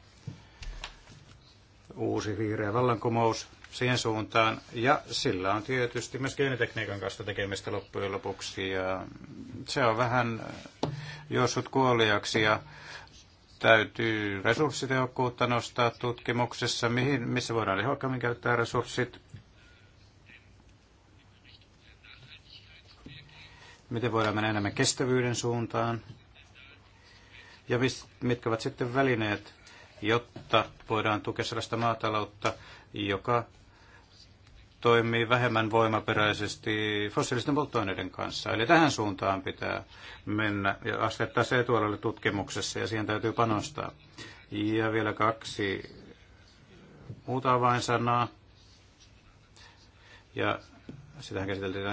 uusi vihreä vallankumous siihen suuntaan. Ja sillä on tietysti myös geenitekniikan kanssa tekemistä loppujen lopuksi. Ja se on vähän juossut kuoliaksi ja täytyy resurssitehokkuutta nostaa tutkimuksessa, mihin, missä voidaan lihokkaammin käyttää resurssit. Miten voidaan mennä enemmän kestävyyden suuntaan? Ja mitkä ovat sitten välineet jotta voidaan tukea sellaista maataloutta, joka toimii vähemmän voimaperäisesti fossiilisten polttoaineiden kanssa. Eli tähän suuntaan pitää mennä ja asettaa se etualalle tutkimuksessa ja siihen täytyy panostaa. Ja vielä kaksi muuta avainsanaa. Ja sitähän käsiteltiin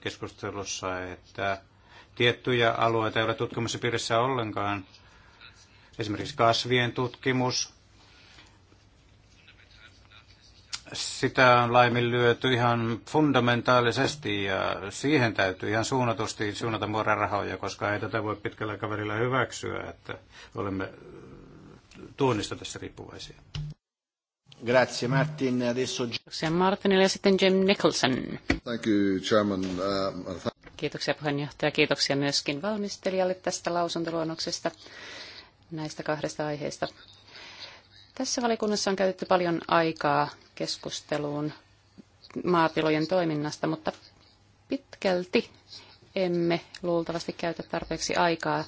keskustelussa, että tiettyjä alueita ei ole tutkimuspiirissä ollenkaan, esimerkiksi kasvien tutkimus, sitä on laiminlyöty ihan fundamentaalisesti ja siihen täytyy ihan suunnatusti suunnata rahoja, koska ei tätä voi pitkällä kaverilla hyväksyä, että olemme tuonnista tässä riippuvaisia. Grazie Martin. Adesso... Kiitoksia Martinille ja sitten Jim Nicholson. Thank you, Chairman. Uh, Kiitoksia puheenjohtaja. Kiitoksia myöskin valmistelijalle tästä lausuntoluonnoksesta näistä kahdesta aiheesta. Tässä valikunnassa on käytetty paljon aikaa keskusteluun maatilojen toiminnasta, mutta pitkälti emme luultavasti käytä tarpeeksi aikaa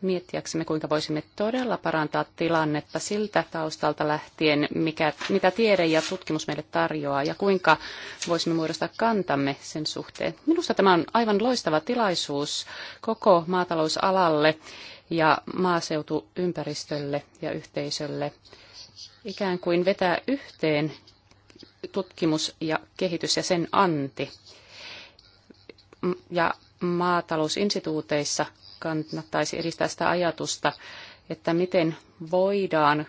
miettiäksemme, kuinka voisimme todella parantaa tilannetta siltä taustalta lähtien, mikä, mitä tiede ja tutkimus meille tarjoaa ja kuinka voisimme muodostaa kantamme sen suhteen. Minusta tämä on aivan loistava tilaisuus koko maatalousalalle ja maaseutuympäristölle ja yhteisölle ikään kuin vetää yhteen tutkimus ja kehitys ja sen anti. Ja maatalousinstituuteissa kannattaisi edistää sitä ajatusta, että miten voidaan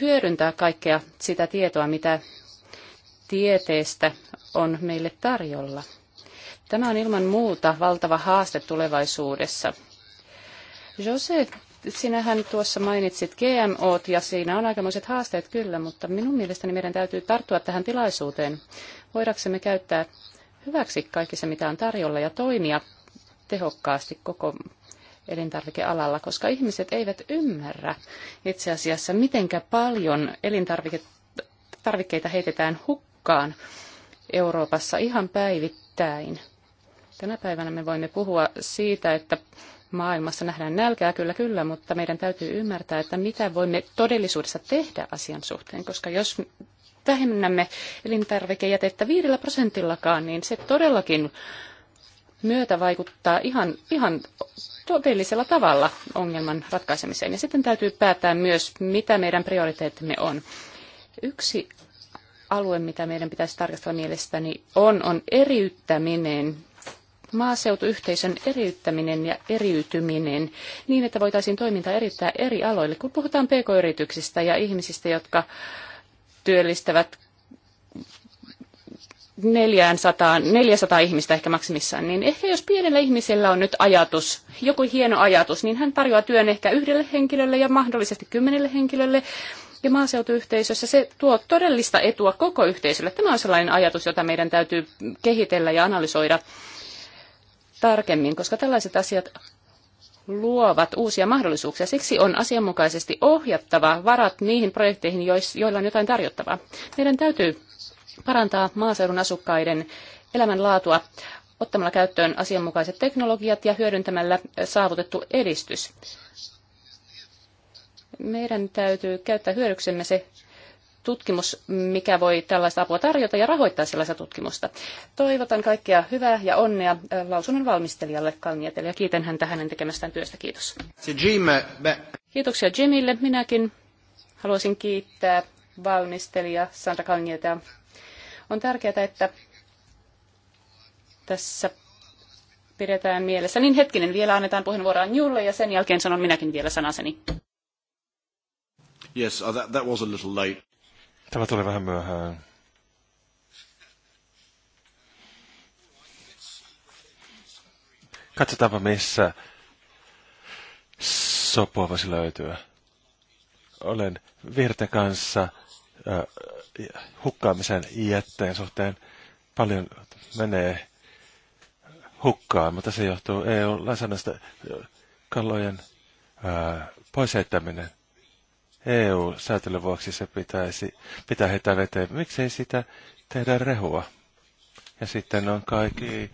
hyödyntää kaikkea sitä tietoa, mitä tieteestä on meille tarjolla. Tämä on ilman muuta valtava haaste tulevaisuudessa Jose, sinähän tuossa mainitsit GMOt ja siinä on aikamoiset haasteet kyllä, mutta minun mielestäni meidän täytyy tarttua tähän tilaisuuteen. Voidaksemme käyttää hyväksi kaikki se, mitä on tarjolla ja toimia tehokkaasti koko elintarvikealalla, koska ihmiset eivät ymmärrä itse asiassa, mitenkä paljon elintarvikkeita heitetään hukkaan Euroopassa ihan päivittäin. Tänä päivänä me voimme puhua siitä, että maailmassa nähdään nälkää, kyllä kyllä, mutta meidän täytyy ymmärtää, että mitä voimme todellisuudessa tehdä asian suhteen, koska jos vähennämme elintarvikejätettä viidellä prosentillakaan, niin se todellakin myötä vaikuttaa ihan, ihan todellisella tavalla ongelman ratkaisemiseen. Ja sitten täytyy päättää myös, mitä meidän prioriteettimme on. Yksi alue, mitä meidän pitäisi tarkastella mielestäni, on, on eriyttäminen maaseutuyhteisön eriyttäminen ja eriytyminen niin, että voitaisiin toimintaa erittää eri aloille. Kun puhutaan pk-yrityksistä ja ihmisistä, jotka työllistävät 400, 400 ihmistä ehkä maksimissaan, niin ehkä jos pienellä ihmisellä on nyt ajatus, joku hieno ajatus, niin hän tarjoaa työn ehkä yhdelle henkilölle ja mahdollisesti kymmenelle henkilölle. Ja maaseutuyhteisössä se tuo todellista etua koko yhteisölle. Tämä on sellainen ajatus, jota meidän täytyy kehitellä ja analysoida tarkemmin, koska tällaiset asiat luovat uusia mahdollisuuksia. Siksi on asianmukaisesti ohjattava varat niihin projekteihin, joilla on jotain tarjottavaa. Meidän täytyy parantaa maaseudun asukkaiden elämänlaatua ottamalla käyttöön asianmukaiset teknologiat ja hyödyntämällä saavutettu edistys. Meidän täytyy käyttää hyödyksemme se tutkimus, mikä voi tällaista apua tarjota ja rahoittaa sellaista tutkimusta. Toivotan kaikkea hyvää ja onnea lausunnon valmistelijalle Kalnietelle ja kiitän häntä hänen tekemästään työstä. Kiitos. Äh, Kiitoksia Jimille. Minäkin haluaisin kiittää valmistelija Sandra Kalnietä. On tärkeää, että tässä pidetään mielessä. Niin hetkinen, vielä annetaan puheenvuoroa Julle ja sen jälkeen sanon minäkin vielä sanaseni. Yes, oh, that, that was a little late. Tämä tulee vähän myöhään. Katsotaanpa missä sopua voisi löytyä. Olen virte kanssa äh, hukkaamisen jätteen suhteen paljon menee hukkaan, mutta se johtuu EU-lainsäädännöstä kallojen äh, pois EU-säätelyn vuoksi se pitäisi, pitää heitä veteen. Miksei sitä tehdä rehua? Ja sitten on kaikki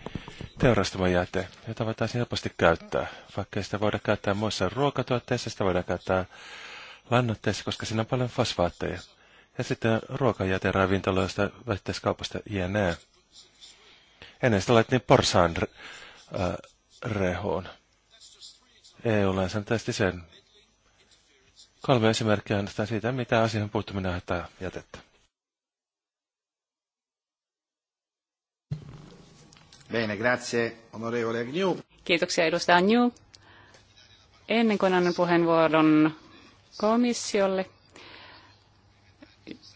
teurastamajäte, jota voitaisiin helposti käyttää. Vaikka sitä voidaan käyttää muissa ruokatuotteissa, sitä voidaan käyttää lannoitteissa, koska siinä on paljon fosfaatteja. Ja sitten ruokajäte ravintoloista, kaupasta, jne. Ennen sitä laitettiin porsaan re- äh, rehoon. EU-lainsäädäntö sen Kolme esimerkkiä annetaan siitä, mitä asian puuttuminen aiheuttaa jätettä. Bene, grazie, onorevole Agnew. Kiitoksia edustaja Agnew. Ennen kuin annan puheenvuoron komissiolle,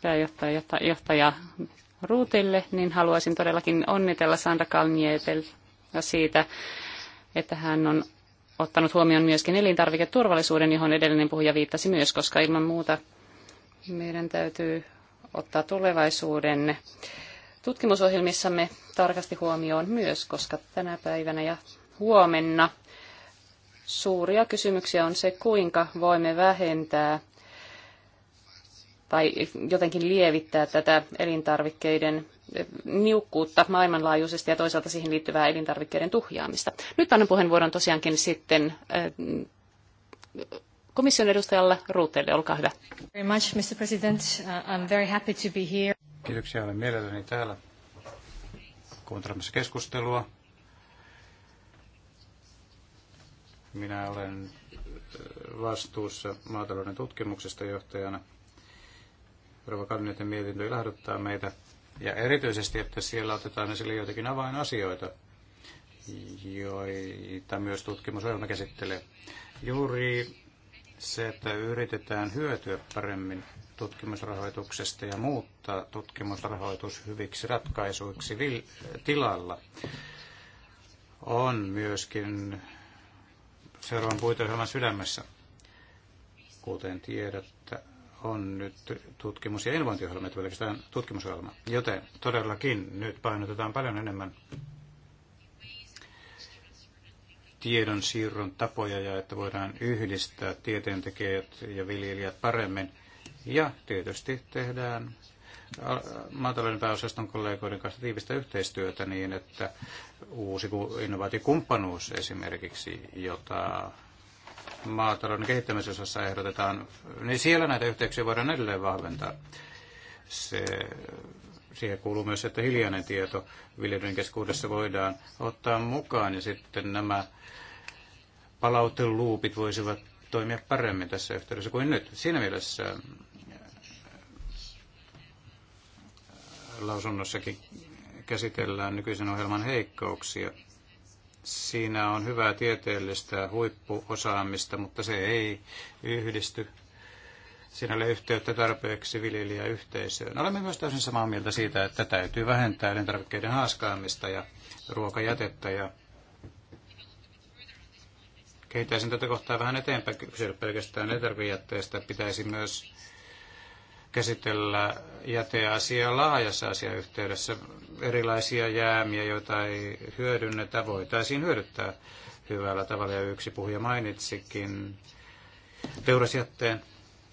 pääjohtaja johtaja, johtaja Ruutille, niin haluaisin todellakin onnitella Sandra Kalnietel siitä, että hän on ottanut huomioon myöskin elintarviketurvallisuuden, johon edellinen puhuja viittasi myös, koska ilman muuta meidän täytyy ottaa tulevaisuuden tutkimusohjelmissamme tarkasti huomioon myös, koska tänä päivänä ja huomenna suuria kysymyksiä on se, kuinka voimme vähentää tai jotenkin lievittää tätä elintarvikkeiden niukkuutta maailmanlaajuisesti ja toisaalta siihen liittyvää elintarvikkeiden tuhjaamista. Nyt annan puheenvuoron tosiaankin sitten äh, komission edustajalle Ruutelle. Olkaa hyvä. Very much, Mr. President. Uh, I'm very happy to be here. Kiitoksia, olen mielelläni täällä kuuntelemassa keskustelua. Minä olen äh, vastuussa maatalouden tutkimuksesta johtajana. Rova Kalnieten mietintö ilahduttaa meitä ja erityisesti, että siellä otetaan esille joitakin avainasioita, joita myös tutkimusohjelma käsittelee. Juuri se, että yritetään hyötyä paremmin tutkimusrahoituksesta ja muuttaa tutkimusrahoitus hyviksi ratkaisuiksi tilalla, on myöskin seuraavan puitohjelman sydämessä. Kuten tiedätte, on nyt tutkimus- ja ilmointiohjelma, että pelkästään tutkimusohjelma. Joten todellakin nyt painotetaan paljon enemmän tiedon siirron tapoja ja että voidaan yhdistää tieteentekijät ja viljelijät paremmin. Ja tietysti tehdään maatalouden pääosaston kollegoiden kanssa tiivistä yhteistyötä niin, että uusi innovaatiokumppanuus esimerkiksi, jota maatalouden kehittämisosassa ehdotetaan, niin siellä näitä yhteyksiä voidaan edelleen vahventaa. Se, siihen kuuluu myös, että hiljainen tieto viljelijöiden keskuudessa voidaan ottaa mukaan ja sitten nämä palauteluupit voisivat toimia paremmin tässä yhteydessä kuin nyt. Siinä mielessä äh, lausunnossakin käsitellään nykyisen ohjelman heikkouksia Siinä on hyvää tieteellistä huippuosaamista, mutta se ei yhdisty siinä ole yhteyttä tarpeeksi viljelijäyhteisöön. Olemme myös täysin samaa mieltä siitä, että täytyy vähentää elintarvikkeiden haaskaamista ja ruokajätettä ja kehittäisin tätä kohtaa vähän eteenpäin, kysyä pelkästään elintarvikejätteestä. Pitäisi myös käsitellä jäteasiaa laajassa asiayhteydessä. Erilaisia jäämiä, joita ei hyödynnetä, voitaisiin hyödyttää hyvällä tavalla. Ja yksi puhuja mainitsikin teurasjätteen,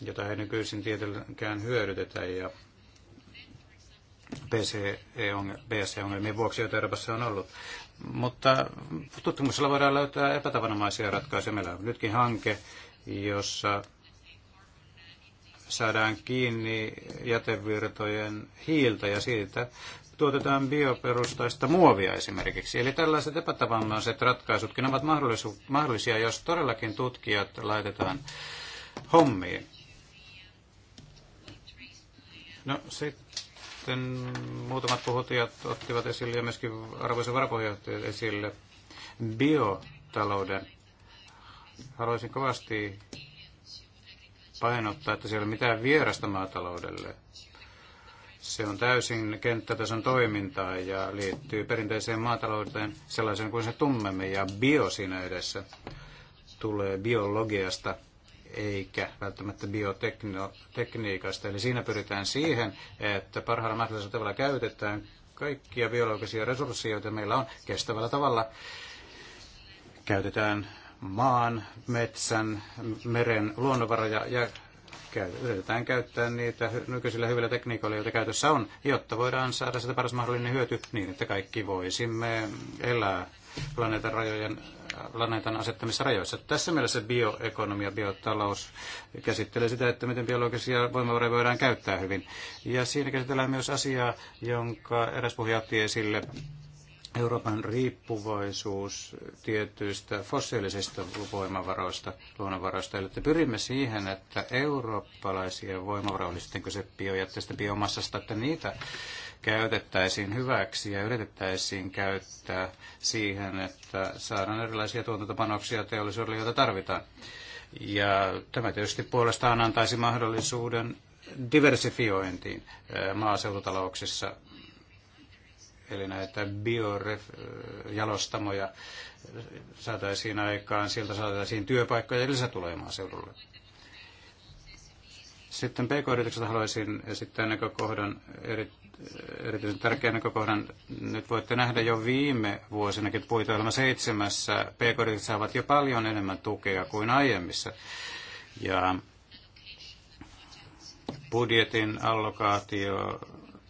jota ei nykyisin tietenkään hyödytetä. Ja BSE-ongelmien vuoksi, joita Euroopassa on ollut. Mutta tutkimuksella voidaan löytää epätavanomaisia ratkaisuja. Meillä on nytkin hanke, jossa saadaan kiinni jätevirtojen hiiltä ja siitä tuotetaan bioperustaista muovia esimerkiksi. Eli tällaiset epätavanlaiset ratkaisutkin ovat mahdollisia, jos todellakin tutkijat laitetaan hommiin. No sitten muutamat puhutijat ottivat esille ja myöskin arvoisa varapuheenjohtaja esille biotalouden. Haluaisin kovasti painottaa, että siellä ei ole mitään vierasta maataloudelle. Se on täysin kenttätason toimintaa ja liittyy perinteiseen maatalouteen sellaisen kuin se tummemme. Ja bio siinä edessä tulee biologiasta eikä välttämättä biotekniikasta. Eli siinä pyritään siihen, että parhaalla mahdollisella tavalla käytetään kaikkia biologisia resursseja, joita meillä on kestävällä tavalla. Käytetään maan, metsän, meren luonnonvaroja ja käy, yritetään käyttää niitä nykyisillä hyvillä tekniikoilla, joita käytössä on, jotta voidaan saada sitä paras mahdollinen hyöty niin, että kaikki voisimme elää planeetan, rajojen, planeetan asettamissa rajoissa. Tässä mielessä bioekonomia, biotalous käsittelee sitä, että miten biologisia voimavaroja voidaan käyttää hyvin. Ja siinä käsitellään myös asiaa, jonka eräs puhuja otti esille Euroopan riippuvaisuus tietyistä fossiilisista voimavaroista, luonnonvaroista. Eli pyrimme siihen, että eurooppalaisia voimavaroja, oli sitten kyse biojätteestä, biomassasta, että niitä käytettäisiin hyväksi ja yritettäisiin käyttää siihen, että saadaan erilaisia tuotantopanoksia teollisuudelle, joita tarvitaan. Ja tämä tietysti puolestaan antaisi mahdollisuuden diversifiointiin maaseututalouksissa eli näitä biojalostamoja saataisiin aikaan, sieltä saataisiin työpaikkoja ja lisätuloja maaseudulle. Sitten pk-yritykseltä haluaisin esittää näkökohdan, eri, erityisen tärkeän näkökohdan. Nyt voitte nähdä jo viime vuosinakin puitoilma seitsemässä. Pk-yritykset saavat jo paljon enemmän tukea kuin aiemmissa. Ja budjetin allokaatio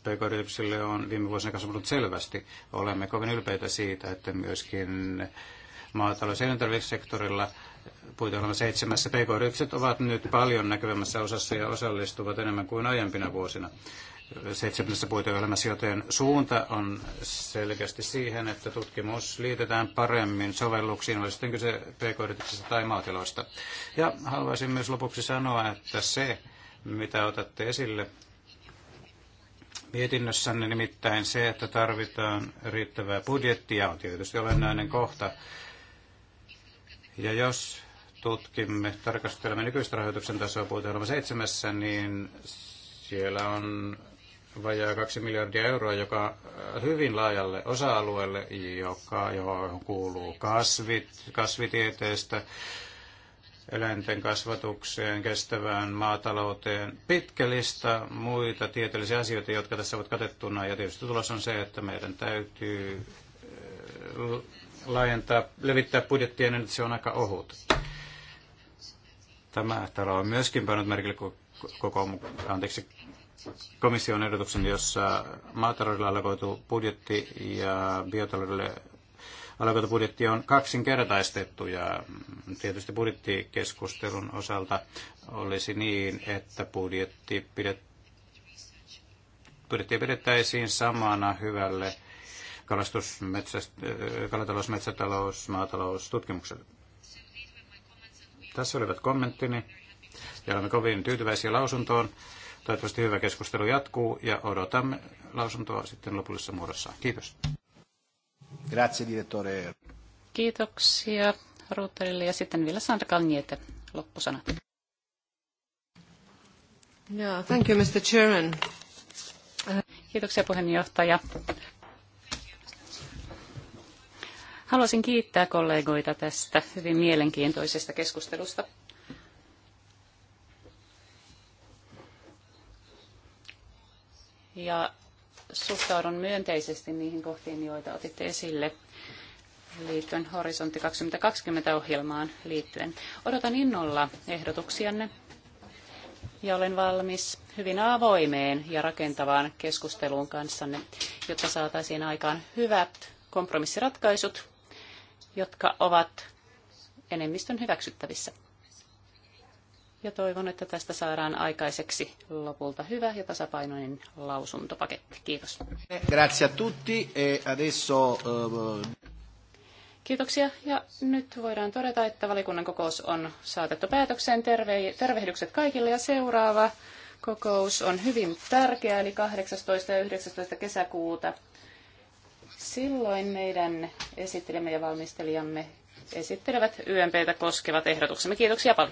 PK-yrityksille on viime vuosina kasvanut selvästi. Olemme kovin ylpeitä siitä, että myöskin maatalous- ja elintarvikesektorilla puiteohjelma seitsemässä PK-yritykset ovat nyt paljon näkyvämmässä osassa ja osallistuvat enemmän kuin aiempina vuosina seitsemännessä puiteohjelmassa, joten suunta on selkeästi siihen, että tutkimus liitetään paremmin sovelluksiin, oli sitten kyse pk-yrityksistä tai maatiloista. Ja haluaisin myös lopuksi sanoa, että se, mitä otatte esille mietinnössänne nimittäin se, että tarvitaan riittävää budjettia, on tietysti olennainen kohta. Ja jos tutkimme, tarkastelemme nykyistä rahoituksen tasoa puutelma seitsemässä, niin siellä on vajaa kaksi miljardia euroa, joka hyvin laajalle osa-alueelle, joka, johon kuuluu kasvit, kasvitieteestä, eläinten kasvatukseen, kestävään maatalouteen. Pitkä lista muita tieteellisiä asioita, jotka tässä ovat katettuna. Ja tietysti tulos on se, että meidän täytyy äh, laajentaa, levittää budjettia niin, että se on aika ohut. Tämä talo on myöskin pannut merkille koko, anteeksi, komission ehdotuksen, jossa maataloudelle alkoitu budjetti ja biotaloudelle budjetti on kaksinkertaistettu ja tietysti budjettikeskustelun osalta olisi niin, että budjetti pidet, budjettia pidettäisiin samana hyvälle kalastus, metsäst, äh, kalatalous, metsätalous, maatalous, tutkimukselle. Tässä olivat kommenttini ja olemme kovin tyytyväisiä lausuntoon. Toivottavasti hyvä keskustelu jatkuu ja odotamme lausuntoa sitten lopullisessa muodossa. Kiitos. Grazie, direttore. Kiitoksia Ruuterille ja sitten vielä Sandra Kalniete loppusanat. Yeah, thank you, Mr. Chairman. Kiitoksia puheenjohtaja. Haluaisin kiittää kollegoita tästä hyvin mielenkiintoisesta keskustelusta. Ja suhtaudun myönteisesti niihin kohtiin, joita otitte esille liittyen Horisontti 2020-ohjelmaan liittyen. Odotan innolla ehdotuksianne ja olen valmis hyvin avoimeen ja rakentavaan keskusteluun kanssanne, jotta saataisiin aikaan hyvät kompromissiratkaisut, jotka ovat enemmistön hyväksyttävissä ja toivon, että tästä saadaan aikaiseksi lopulta hyvä ja tasapainoinen lausuntopaketti. Kiitos. Grazie a tutti e adesso... Eh, Kiitoksia. Ja nyt voidaan todeta, että valikunnan kokous on saatettu päätökseen. Terve, tervehdykset kaikille ja seuraava kokous on hyvin tärkeä, eli 18. ja 19. kesäkuuta. Silloin meidän esittelemme ja valmistelijamme esittelevät YMPtä koskevat ehdotuksemme. Kiitoksia paljon.